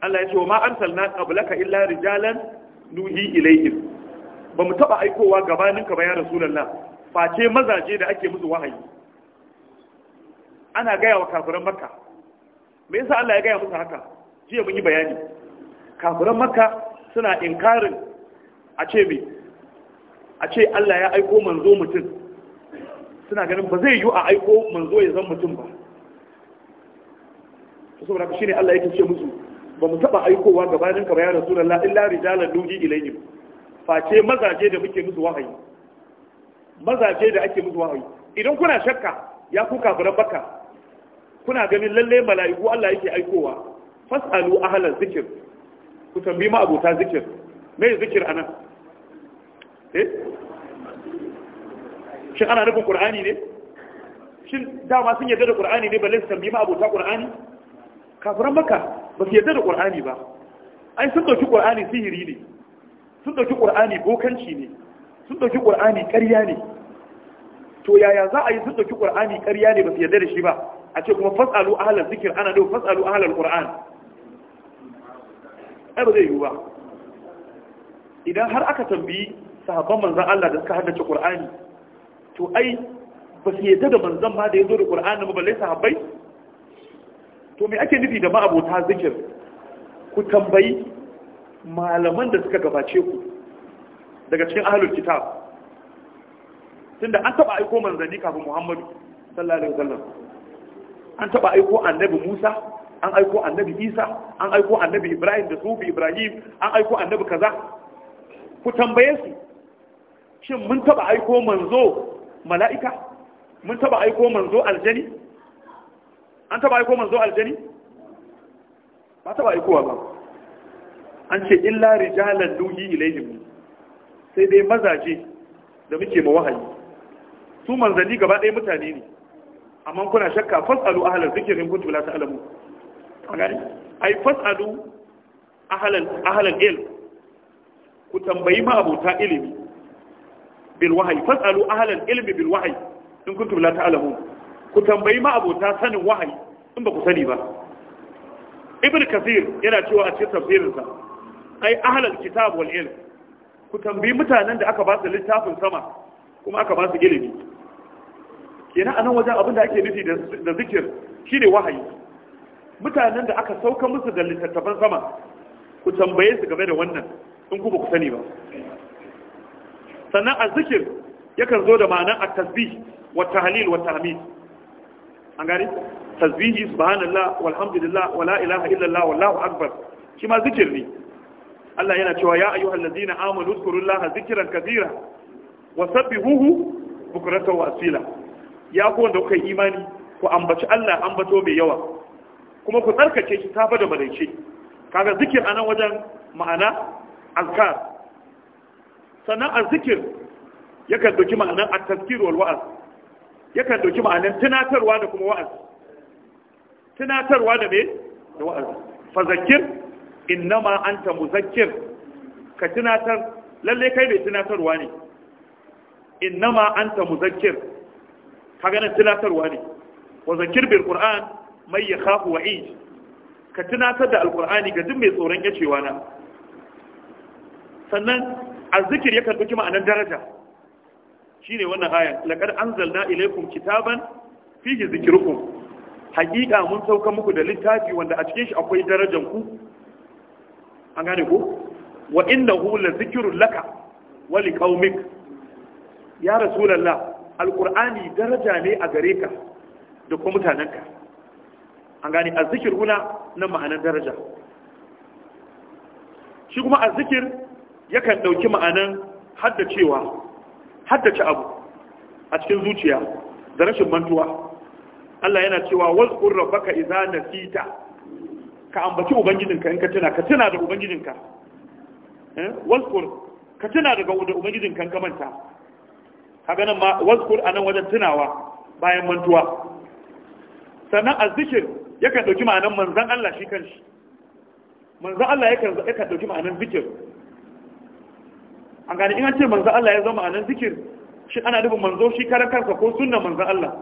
Allah ya ce wa ma arsalna qablaka illa rijalan nuhi ilayhim ba mu taba aikowa gabanin ka ba ya rasulullah face mazaje da ake musu wahayi ana gaya wa kafiran makka me yasa Allah ya gaya musu haka jiya mun yi bayani kafiran makka suna inkarin a ce me a ce Allah ya aiko manzo mutum suna ganin ba zai yi a aiko manzo ya zan mutum ba saboda shi ne Allah yake ce musu ba mu taba aikowa gabanin ka rasulun Allah illa rijalan nuhi ilayhim face mazaje da muke musu wahayi mazaje da ake musu wahayi idan kuna shakka ya ku kafiran baka kuna ganin lalle mala'iku Allah yake aikowa fasalu ahlan zikir ku tambi ma abota zikir me zikir anan eh shin ana nufin qur'ani ne shin dama sun yarda da qur'ani ne balle su tambi ma abota qur'ani kafiran baka ba su yadda da qur'ani ba ai sun ɗauki qur'ani sihiri ne sun ɗauki qur'ani bokanci ne sun ɗauki qur'ani ƙarya ne to yaya za a yi sun dauki qur'ani ƙarya ne ba su yarda da shi ba a ce kuma fasalu ahlal zikr ana da fasalu ahlal qur'an ai ba zai yiwu ba idan har aka tambayi sahabban manzon Allah da suka haddace qur'ani to ai ba su yadda da manzon ma da ya zo da qur'ani ba balle sahabbai to me ake nufi da ma'abota zikir ku tambayi malaman da suka gabace ku daga cikin ahalul kitab tunda an taba aiko manzanni kafin Muhammadu sallallahu alaihi wasallam an taba aiko annabi Musa an aiko annabi Isa an aiko annabi Ibrahim da sufi Ibrahim an aiko annabi kaza ku tambaye su shin mun taba aiko manzo mala'ika mun taba aiko manzo aljani an taba aiko manzo aljani ba taba aikowa ba an ce illa rijalan duhi ilayhim sai dai mazaje da muke ma wahayi su manzanni gaba ɗaya mutane ne amma kuna shakka fasalu ahlal zikrin kuntum la ta'lamu gani ai fasalu ahlal ahlal ilm ku tambayi ma abota ilimi bil wahayi fasalu ahlal ilmi bil wahayi in kuntum la alamu. ku tambayi ma'abota sanin wahayi in ba ku sani ba ibn kasir yana cewa a cikin tafsirinsa ai ahlal kitab wal ilm ku tambayi mutanen da aka ba su littafin sama kuma aka ba su ilimi kenan anan wajen abin da ake nufi da zikir shine wahayi mutanen da aka sauka musu da littattafan sama ku tambaye su game da wannan in ku ba ku sani ba sannan azikir yakan zo da ma'anar at-tasbih wa tahlil wa tahmid an gane tasbihi subhanallah walhamdulillah wala ilaha illallah wallahu akbar shi ma zikir ne Allah yana cewa ya ayyuhal ladina amanu zkurullaha zikran kathira wa sabbihuhu bukratan wa asila ya ku wanda kuka imani ku ambaci Allah ambato mai yawa kuma ku tsarkake shi safa da malaice kaga zikir anan wajen ma'ana azkar sannan azzikir yakan doki ma'anar at-tazkir wal wa'az yakan ɗauki ma'anin tunatarwa da kuma wa'azi tunatarwa da me da wa'azi fazakir innama anta muzakkir ka tunatar lalle kai mai tunatarwa ne innama anta muzakkir ka ganin tunatarwa ne wa zakir bil qur'an mai yakhafu wa'id ka tunatar da alqur'ani ga duk mai tsoron yacewa na sannan azzikir yakan ɗauki ma'anin daraja shine wannan ayan laqad anzalna ilaykum kitaban fihi zikrukum hakika mun sauka muku da littafi wanda a cikin shi akwai darajar ku an gane ku. wa innahu la zikrun laka wa liqaumik ya rasulullah alqur'ani daraja ne a gare ka da kuma mutananka an gane azzikir huna na ma'anar daraja shi kuma azzikir yakan dauki ma'anar haddacewa haddace abu a cikin zuciya da rashin mantuwa Allah yana cewa wazkur rabbaka idza nasita ka ambaci ubangijinka in ka tuna ka tuna da ubangijinka eh wazkur ka tuna daga ubangijinka in ka manta kaga nan ma wazkur anan wajen tunawa bayan mantuwa sannan azzikir yakan dauki ma'anan manzon Allah shi kanshi manzon Allah yakan yakan dauki ma'anan zikir an gane in an ce manzo Allah ya zama anan zikir shi ana nufin manzo shi karan kansa ko sunnan manzo Allah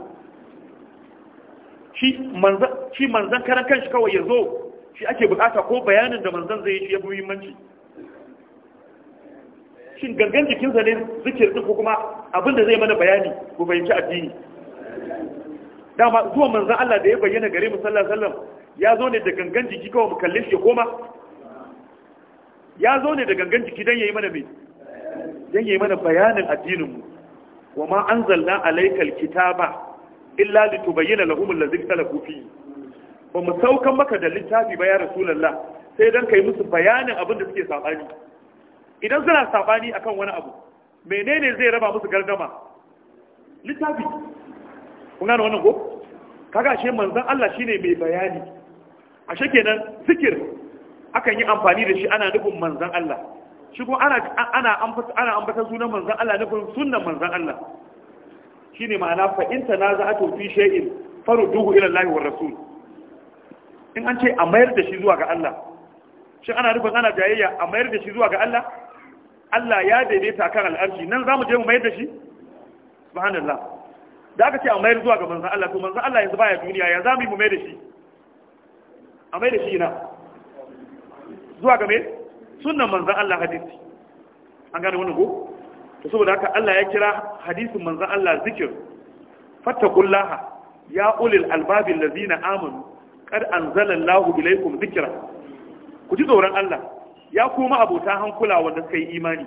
shi manzo shi karan kanshi kawai ya zo shi ake bukata ko bayanin da manzan zai yi shi ya fi muhimmanci shin gangan jikinsa ne zikir din ko kuma abin da zai mana bayani ko fahimci addini dama zuwa manzan Allah da ya bayyana gare mu sallallahu alaihi wasallam ya zo ne da gangan jiki kawai mu kalle shi ya koma ya zo ne da gangan jiki don ya yi mana mai zan yi mana bayanin addinin mu wa ma anzalna alaykal kitaba illa litubayyana lahum allazi ikhtalafu fi ba mu saukan maka da littafi ba ya rasulullah sai dan kai musu bayanin abin da suke sabani idan suna sabani akan wani abu menene zai raba musu gardama littafi kun gane wannan ko kaga shi manzon Allah shine mai bayani ashe kenan zikir akan yi amfani da shi ana nufin manzon Allah shi ko ana ana ambata sunan Manzan Allah nufin sunan Manzan Allah shine ma'ana fa in tanaza'atu fi shay'in farudduhu ila Allah wa rasul in an ce a mayar da shi zuwa ga Allah shi ana nufin ana jayayya a mayar da shi zuwa ga Allah Allah ya daidaita kan al'arshi nan za mu je mu mayar da shi subhanallah da aka ce a mayar zuwa ga Manzan Allah to Manzan Allah yanzu baya duniya ya zamu mu mayar da shi a mayar da shi ina zuwa ga me sunan manzan Allah hadisi an gane wani ko to saboda haka Allah ya kira hadisin manzan Allah zikir fattakullaha ya ulil albabi allazina amanu qad anzala Allahu ilaykum zikra ku ji tsoron Allah ya kuma abota hankula wanda suka yi imani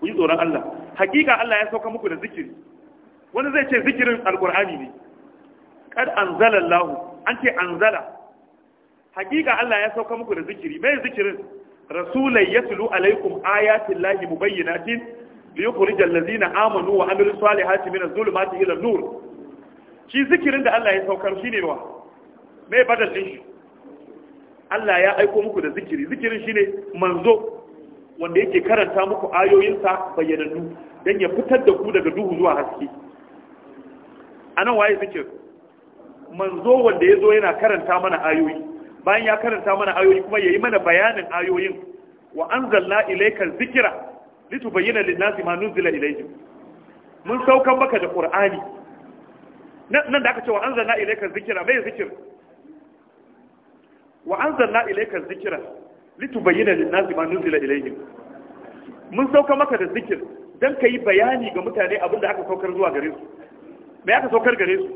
ku ji tsoron Allah hakika Allah ya sauka muku da zikiri wani zai ce zikirin alqur'ani ne qad anzala Allahu an ce anzala hakika Allah ya sauka muku da zikiri mai zikirin rasulai yatlu alaikum ayatin lahi mubayyinatin liyukhrijal ladzina amanu wa amilus salihati minaz zulumati ila nur shi zikirin da Allah ya saukar shine wa me badal din shi Allah ya aiko muku da zikiri zikirin shine manzo wanda yake karanta muku ayoyinsa bayyanannu dan ya fitar da ku daga duhu zuwa haske anan waye zikir manzo wanda yazo yana karanta mana ayoyi bayan ya karanta mana ayoyi kuma yayi mana bayanin ayoyin wa anzalna ilayka dhikra litubayyana lin-nasi ma nuzila ilayhim mun saukan maka da qur'ani nan da aka ce wa anzalna ilayka zikira, mai zikir wa anzalna ilayka dhikra litubayyana lin-nasi ma nuzila ilayhim mun sauka maka da zikir dan kai bayani ga mutane abinda aka saukar zuwa gare su me aka saukar gare su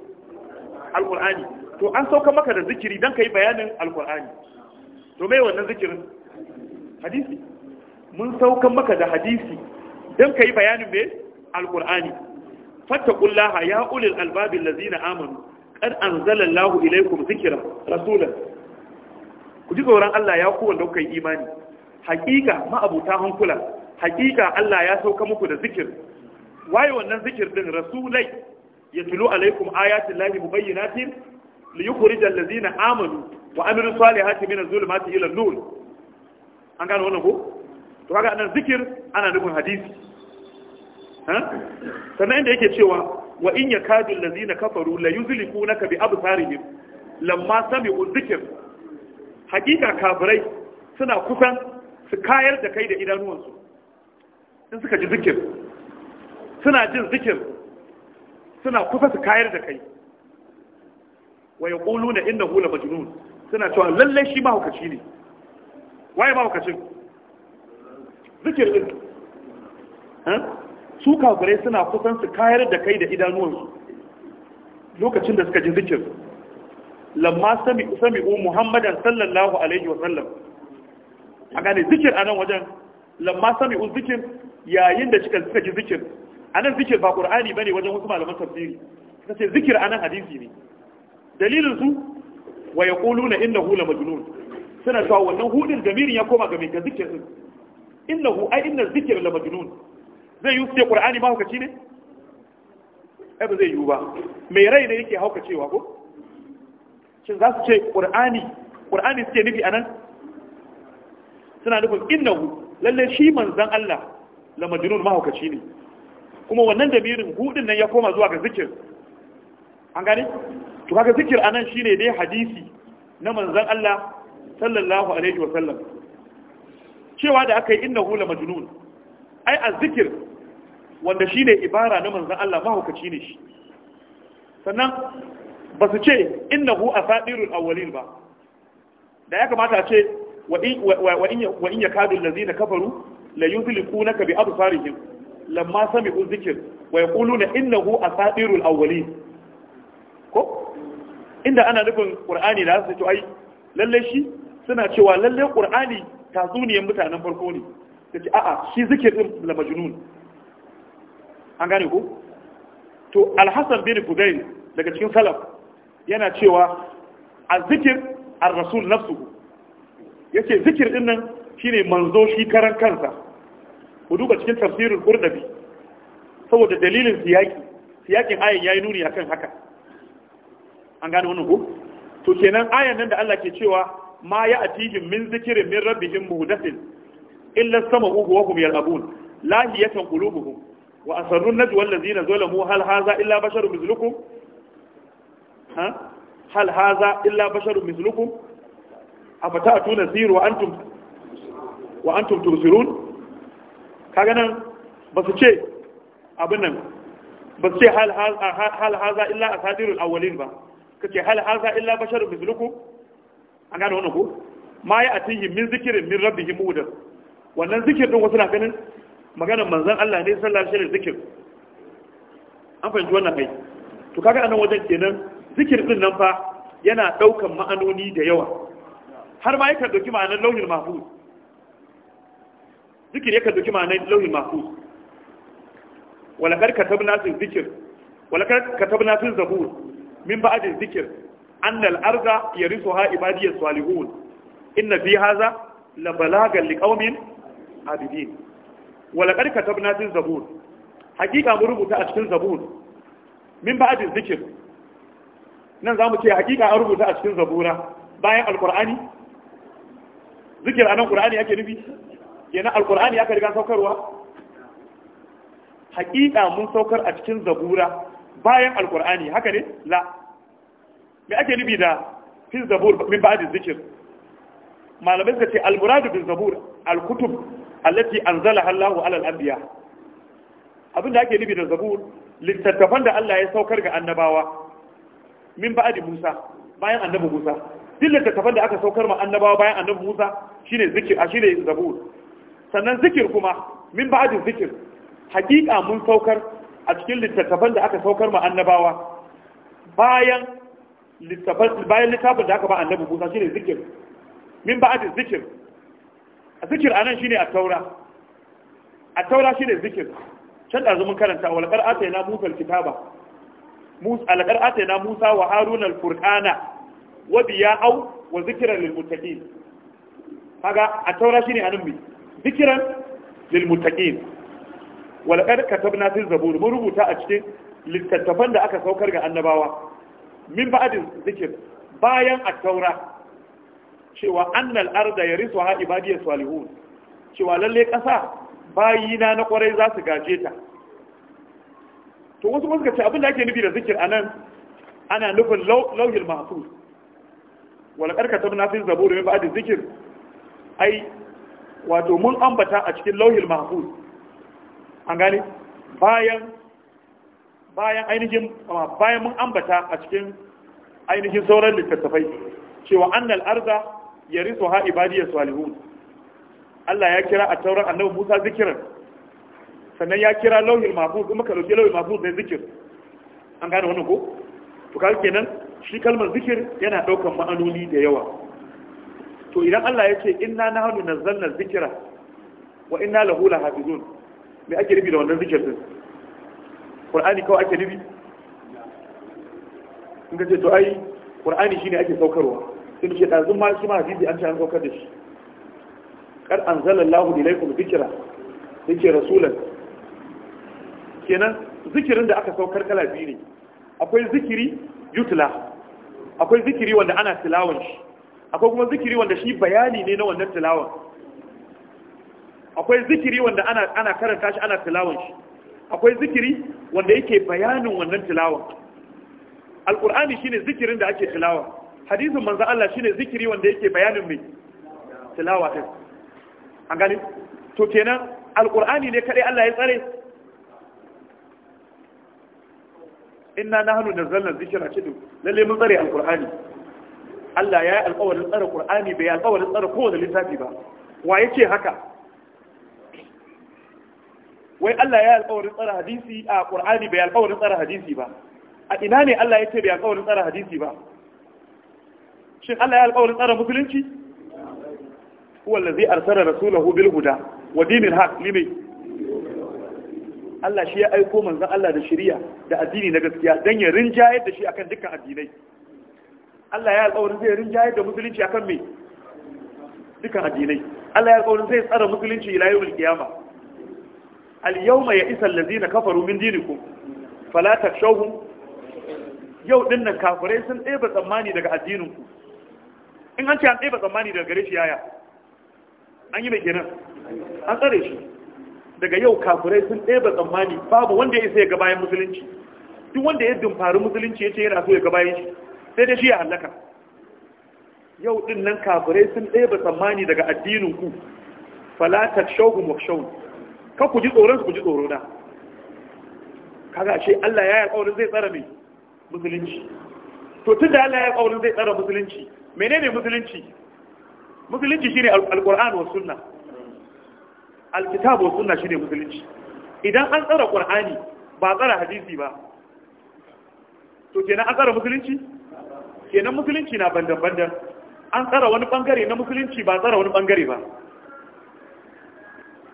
alqur'ani to an sauka maka da zikiri don ka yi bayanin alkur'ani to mai wannan zikirin hadisi mun sauka maka da hadisi don ka yi bayanin mai alkur'ani fattakullaha ya ulil albabin lazina amanu kan an zalallahu ilaikum zikira rasulan ku ji tsoron Allah ya kowanne kuka yi imani hakika ma'abuta hankula hakika Allah ya sauka muku da zikir waye wannan zikir din rasulai ya tulu alaikum ayatin lahi mubayyinatin li yukhrijal ladina amanu wa amilu salihati min az-zulumati ila an gano wannan ko to kaga anan zikir ana nufin hadisi ha sannan inda yake cewa wa in yakadu allazina kafaru la yuzlifunaka bi absarihim lamma sami'u dhikr hakika kafirai suna kusan su kayar da kai da idanuwansu in suka ji zikir suna jin zikir suna kusa su kayar da kai wa yaquluna innahu la majnun suna cewa lalle shi mahaukaci ne waye mahaukacin zikir din su kafirai suna kusan su kayar da kai da idanuwansu lokacin da suka ji zikir lamma sami sami'u muhammadan sallallahu alaihi wa sallam a gane zikir anan wajen lamma sami'u zikir yayin da suka ji zikir anan zikir ba ƙur'ani ba ne wajen wasu malaman tafsiri suka zikir anan hadisi ne Dalilinsu wa ya wa na inna hula majinun suna cewa wannan hudin damirin ya koma ga mai ga zikirin hu, ai inna zikir la majinun zai yi sai ƙur'ani ma haukaci ne ai ba zai yi ba mai rai ne yake haukacewa ko shin za su ce ƙur'ani qur'ani suke nufi anan suna nufin inna hu, lalle shi manzan Allah la majnun mahaukaci ne kuma wannan damirin hudin nan ya koma zuwa ga zikir an gane to kaga zikir anan shine dai hadisi na manzon Allah sallallahu alaihi wa sallam cewa da aka yi innahu la majnun ai azzikir wanda shine ibara na manzon Allah mahaukaci ne shi sannan ba su ce innahu asadirul awwalin ba da ya kamata a ce wa in yakadu allazina kafaru la yuzliqunaka bi absarihim lamma sami'u dhikr wa yaquluna innahu asadirul awwalin ko inda ana nufin ƙur'ani da su to ai lalle shi suna cewa lalle ƙur'ani tatsuniyar mutanen farko ne ta a'a shi zikirin la majnun an gane ko to alhassan bin fudail daga cikin salaf yana cewa azzikir ar-rasul nafsu yace zikir din nan shine manzo shi karan kansa ku duba cikin tafsirin qurdabi saboda dalilin siyaki siyakin ayin yi nuni a kan haka an gane wannan ko to kenan ayan nan da Allah ke cewa ma ya atihim min zikirin min rabbihim muhdathin illa sama'uhu wa hum yal'abun lahiyatan qulubuhum wa asarru najwa allazina zalamu hal hadha illa basharun mithlukum ha hal hadha illa basharun mithlukum afata'tuna zir wa antum wa antum tubsirun kaga nan ba su ce abin nan ba su ce hal hadha illa asadirul awwalin ba kace hal haza illa basharu mislukum an gane wannan ko ma ya atihi min zikirin min rabbihi mudda wannan zikir din wasu na ganin magana manzon Allah ne sallallahu alaihi wasallam zikir an fahimci wannan kai to kaga anan wajen kenan zikir din nan fa yana daukan ma'anoni da yawa har ma yakan dauki ma'anar lauhil mahfuz zikir yakan dauki ma'anar lauhin mahfuz wala kar katabna fi zikir wala kar katabna fi zabur من بعد الذكر أن الأرض يرثها عبادية الصالحون إن في هذا لبلاغا لقوم عابدين ولقد كتبنا في الزبون حقيقة مربو تأتي في الزبون من بعد الذكر ننظام كي حقيقة مربو تأتي في الزبون باين القرآن ذكر أنا القرآن يأتي نبي ينا القرآن يأتي لغا سوكر حقيقة من سوكر أتي في الزبون القرآن هكذا لا me ake nufi da fi zabur min ba'di zikir malamai suka ce almuradu muradu bi zabur al-kutub allati anzalaha Allah ala al-anbiya abinda ake nufi da zabur littattafan da Allah ya saukar ga annabawa min ba'di Musa bayan annabi Musa duk littattafan da aka saukar ma annabawa bayan annabi Musa shine zikir a shine zabur sannan zikir kuma min ba'di zikir hakika mun saukar a cikin littattafan da aka saukar ma annabawa bayan bayan littafin da aka ba annabi musa shine zikir min ba ba'ad zikir A zikir a anan shine a taura A taura shine zikir can da zumun karanta wal qara'ata yana musal kitaba musa al qara'ata yana musa wa harun al furqana ya au wa zikran lil muttaqin kaga at-taura shine anan bi zikran lil muttaqin wal qad katabna fil zabur mun rubuta a cikin littattafan da aka saukar ga annabawa min adin zikir bayan at-taura cewa annal arda ha ibadiy salihun cewa lalle kasa bayina na kwarai za su gaje ta to wasu suka ce abin da ake nufi da zikir anan ana nufin lauhil mahfuz wala karkata na fi zaburi min ba'd zikir ai wato mun ambata a cikin lauhil mahfuz an gane. bayan bayan ainihin ah, bayan mun ambata a cikin ainihin sauran littattafai cewa annal arza ha ibadiyya salihun Allah ya kira a tauran annabi Musa zikirin sannan ya kira lauhin mahfuz kuma ka dauki lauhin mahfuz da zikir an gane wannan ko to kaga kenan shi kalmar zikir yana daukan ma'anoni da yawa to idan Allah ya ce inna nahnu nazzalna zikra wa inna lahu lahafizun me ake rubi da wannan zikir din Ƙur'ani kawai ake nufi in ka ce to ai shi ne ake saukarwa Sun ce ɗazun ma shi ma hadisi an ce an saukar da shi kar anzala Allahu ilaykum dhikra ke rasulan kenan zikirin da aka saukar kala biyu ne akwai zikiri yutla akwai zikiri wanda ana tilawan shi akwai kuma zikiri wanda shi bayani ne na wannan tilawan akwai zikiri wanda ana ana karanta shi ana tilawan shi akwai zikiri wanda yake bayanin wannan tilawa alqur'ani shine zikirin da ake tilawa hadisin manzo Allah shine zikiri wanda yake bayanin mai tilawa din an gani to kenan alqur'ani ne kadai Allah ya tsare inna nahnu nazzalna dhikra kidu lalle mun tsare alqur'ani Allah ya yi alƙawarin tsare Qur'ani bai alƙawarin tsare kowane littafi ba wa yake haka wai Allah ya alƙawarin tsara hadisi a Qur'ani bai alƙawarin tsara hadisi ba a ina ne Allah ya ce bai alƙawarin tsara hadisi ba shin Allah ya alƙawarin tsara musulunci huwa allazi arsala rasulahu bil huda wa dinil haq limay Allah shi ya aiko manzon Allah da shari'a da addini na gaskiya dan ya rinjayar da shi akan dukkan addinai Allah ya alƙawarin zai rinjayar da musulunci akan me dukkan addinai Allah ya alƙawarin zai tsara musulunci ila yawmil qiyamah al-yawma ya'isa allazina kafaru min dinikum fala takshawhum yau dinnan nan kafirai sun ɗeba tsammani daga addinin ku in an ce an ɗeba tsammani daga gare shi yaya an yi mai kenan an tsare shi daga yau kafirai sun ɗeba tsammani babu wanda ya isa ya ga bayan musulunci duk wanda ya dumfari musulunci ya ce yana so ya ga bayan shi sai dai shi ya hallaka yau dinnan nan kafirai sun ɗeba tsammani daga addinin ku fala takshawhum wa kan ku ji tsoron su ku ji tsoro na kaga shi Allah ya yi alƙawarin zai tsara mai musulunci to tun da Allah ya yi alƙawarin zai tsara musulunci menene musulunci musulunci shine alƙur'an wa sunna alkitab wa sunna shine musulunci idan an tsara qur'ani ba tsara hadisi ba to kenan an tsara musulunci kenan musulunci na bandan-bandan an tsara wani bangare na musulunci ba tsara wani bangare ba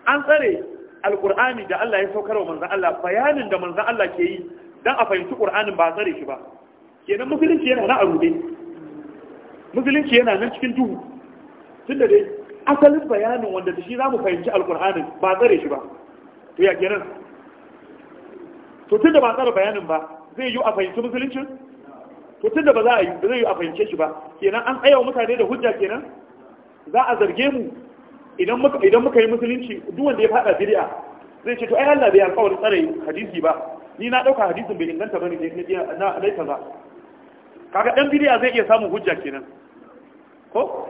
an tsare alqur'ani da Allah ya saukar wa manzan Allah bayanin da manzan Allah ke yi dan a fahimci qur'anin ba tsare shi ba kenan musulunci yana na arube musulunci yana nan cikin duhu tunda dai asalin bayanin wanda da shi za mu fahimci alqur'anin ba tsare shi ba to ya kenan to tunda ba tsara bayanin ba zai yi a fahimci musulunci? to tunda ba za a yi zai yi a fahimce shi ba kenan an tsaya mutane da hujja kenan za a zarge mu idan muka yi musulunci duk wanda ya fada bid'a zai ce to ai Allah bai alƙawarin tsare hadisi ba ni na dauka hadisin bai inganta bane ne na na ba kaga dan bid'a zai iya samun hujja kenan ko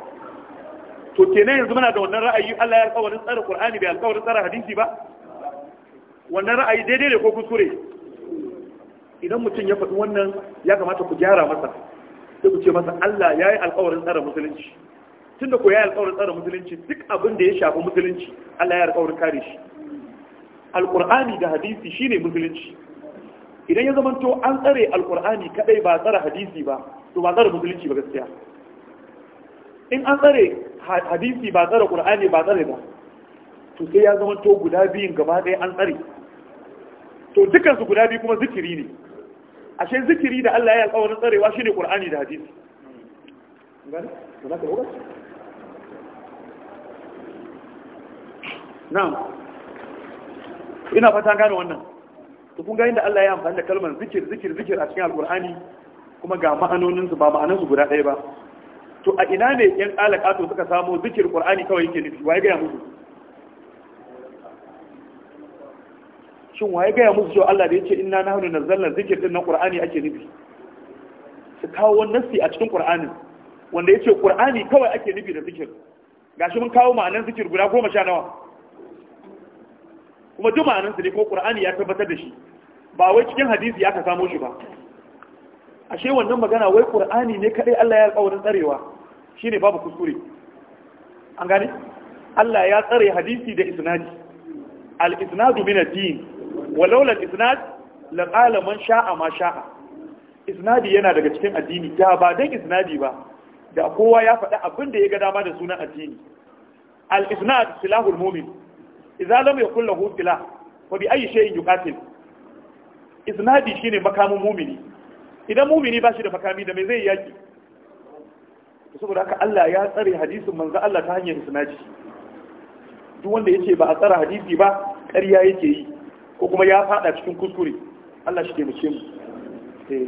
to kenan yanzu muna da wannan ra'ayi Allah ya alƙawarin tsare Qur'ani bai alƙawarin tsare hadisi ba wannan ra'ayi daidai ne ko kuskure idan mutum ya faɗi wannan ya kamata ku gyara masa sai ku ce masa Allah ya yi alƙawarin tsare musulunci tun da ko ya alƙawarin tsara musulunci duk abin da ya shafi musulunci Allah ya alƙawarin kare shi alƙur'ani da hadisi shine musulunci idan ya to an tsare alƙur'ani kadai ba tsara hadisi ba to ba tsara musulunci ba gaskiya in an tsare hadisi ba tsara ƙur'ani ba tsare ba to sai ya to guda biyun gaba ɗaya an tsare to dukansu guda biyu kuma zikiri ne ashe zikiri da Allah ya alƙawarin tsarewa shine ƙur'ani da hadisi gani? na'am ina fata gane wannan to kun ga inda Allah ya amfani da kalmar zikir zikir zikir a cikin alkur'ani kuma ga ma'anonin su ba ma'anan su guda ɗaya ba to a ina ne yan alaqatu suka samo zikir qur'ani kawai yake nufi waye ga musu shin waye ga musu cewa Allah da yace inna nahnu nazzalna zikir din na qur'ani ake nufi su kawo wannan a cikin qur'anin wanda yake qur'ani kawai ake nufi da zikir gashi mun kawo ma'anan zikir guda goma sha nawa kuma duk ma'anin ne ko ƙura'ani ya tabbatar da shi ba wai cikin hadisi aka ka samo shi ba ashe wannan magana wai ƙura'ani ne kadai Allah ya alƙawarin tsarewa Shi ne babu kuskure an gane Allah ya tsare hadisi da isnadi al-isnadu min ad-din walau la isnad la qala man sha'a ma sha'a isnadi yana daga cikin addini da ba dan isnadi ba da kowa ya faɗi abin da ya ga dama da sunan addini al-isnad silahul mu'min idza lam yakul lahu silah wa bi ayi shay'in yuqatil isnadi shine makamin mumini idan mumini ba shi da makami da mai zai yaki saboda haka Allah ya tsare hadisin manzo Allah ta hanyar isnadi duk wanda yace ba a tsara hadisi ba ƙarya yake yi ko kuma ya fada cikin kuskure Allah shi ke mace mu eh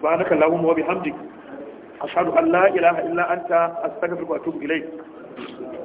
subhanaka allahumma wa bihamdik ashhadu an la ilaha illa anta astaghfiruka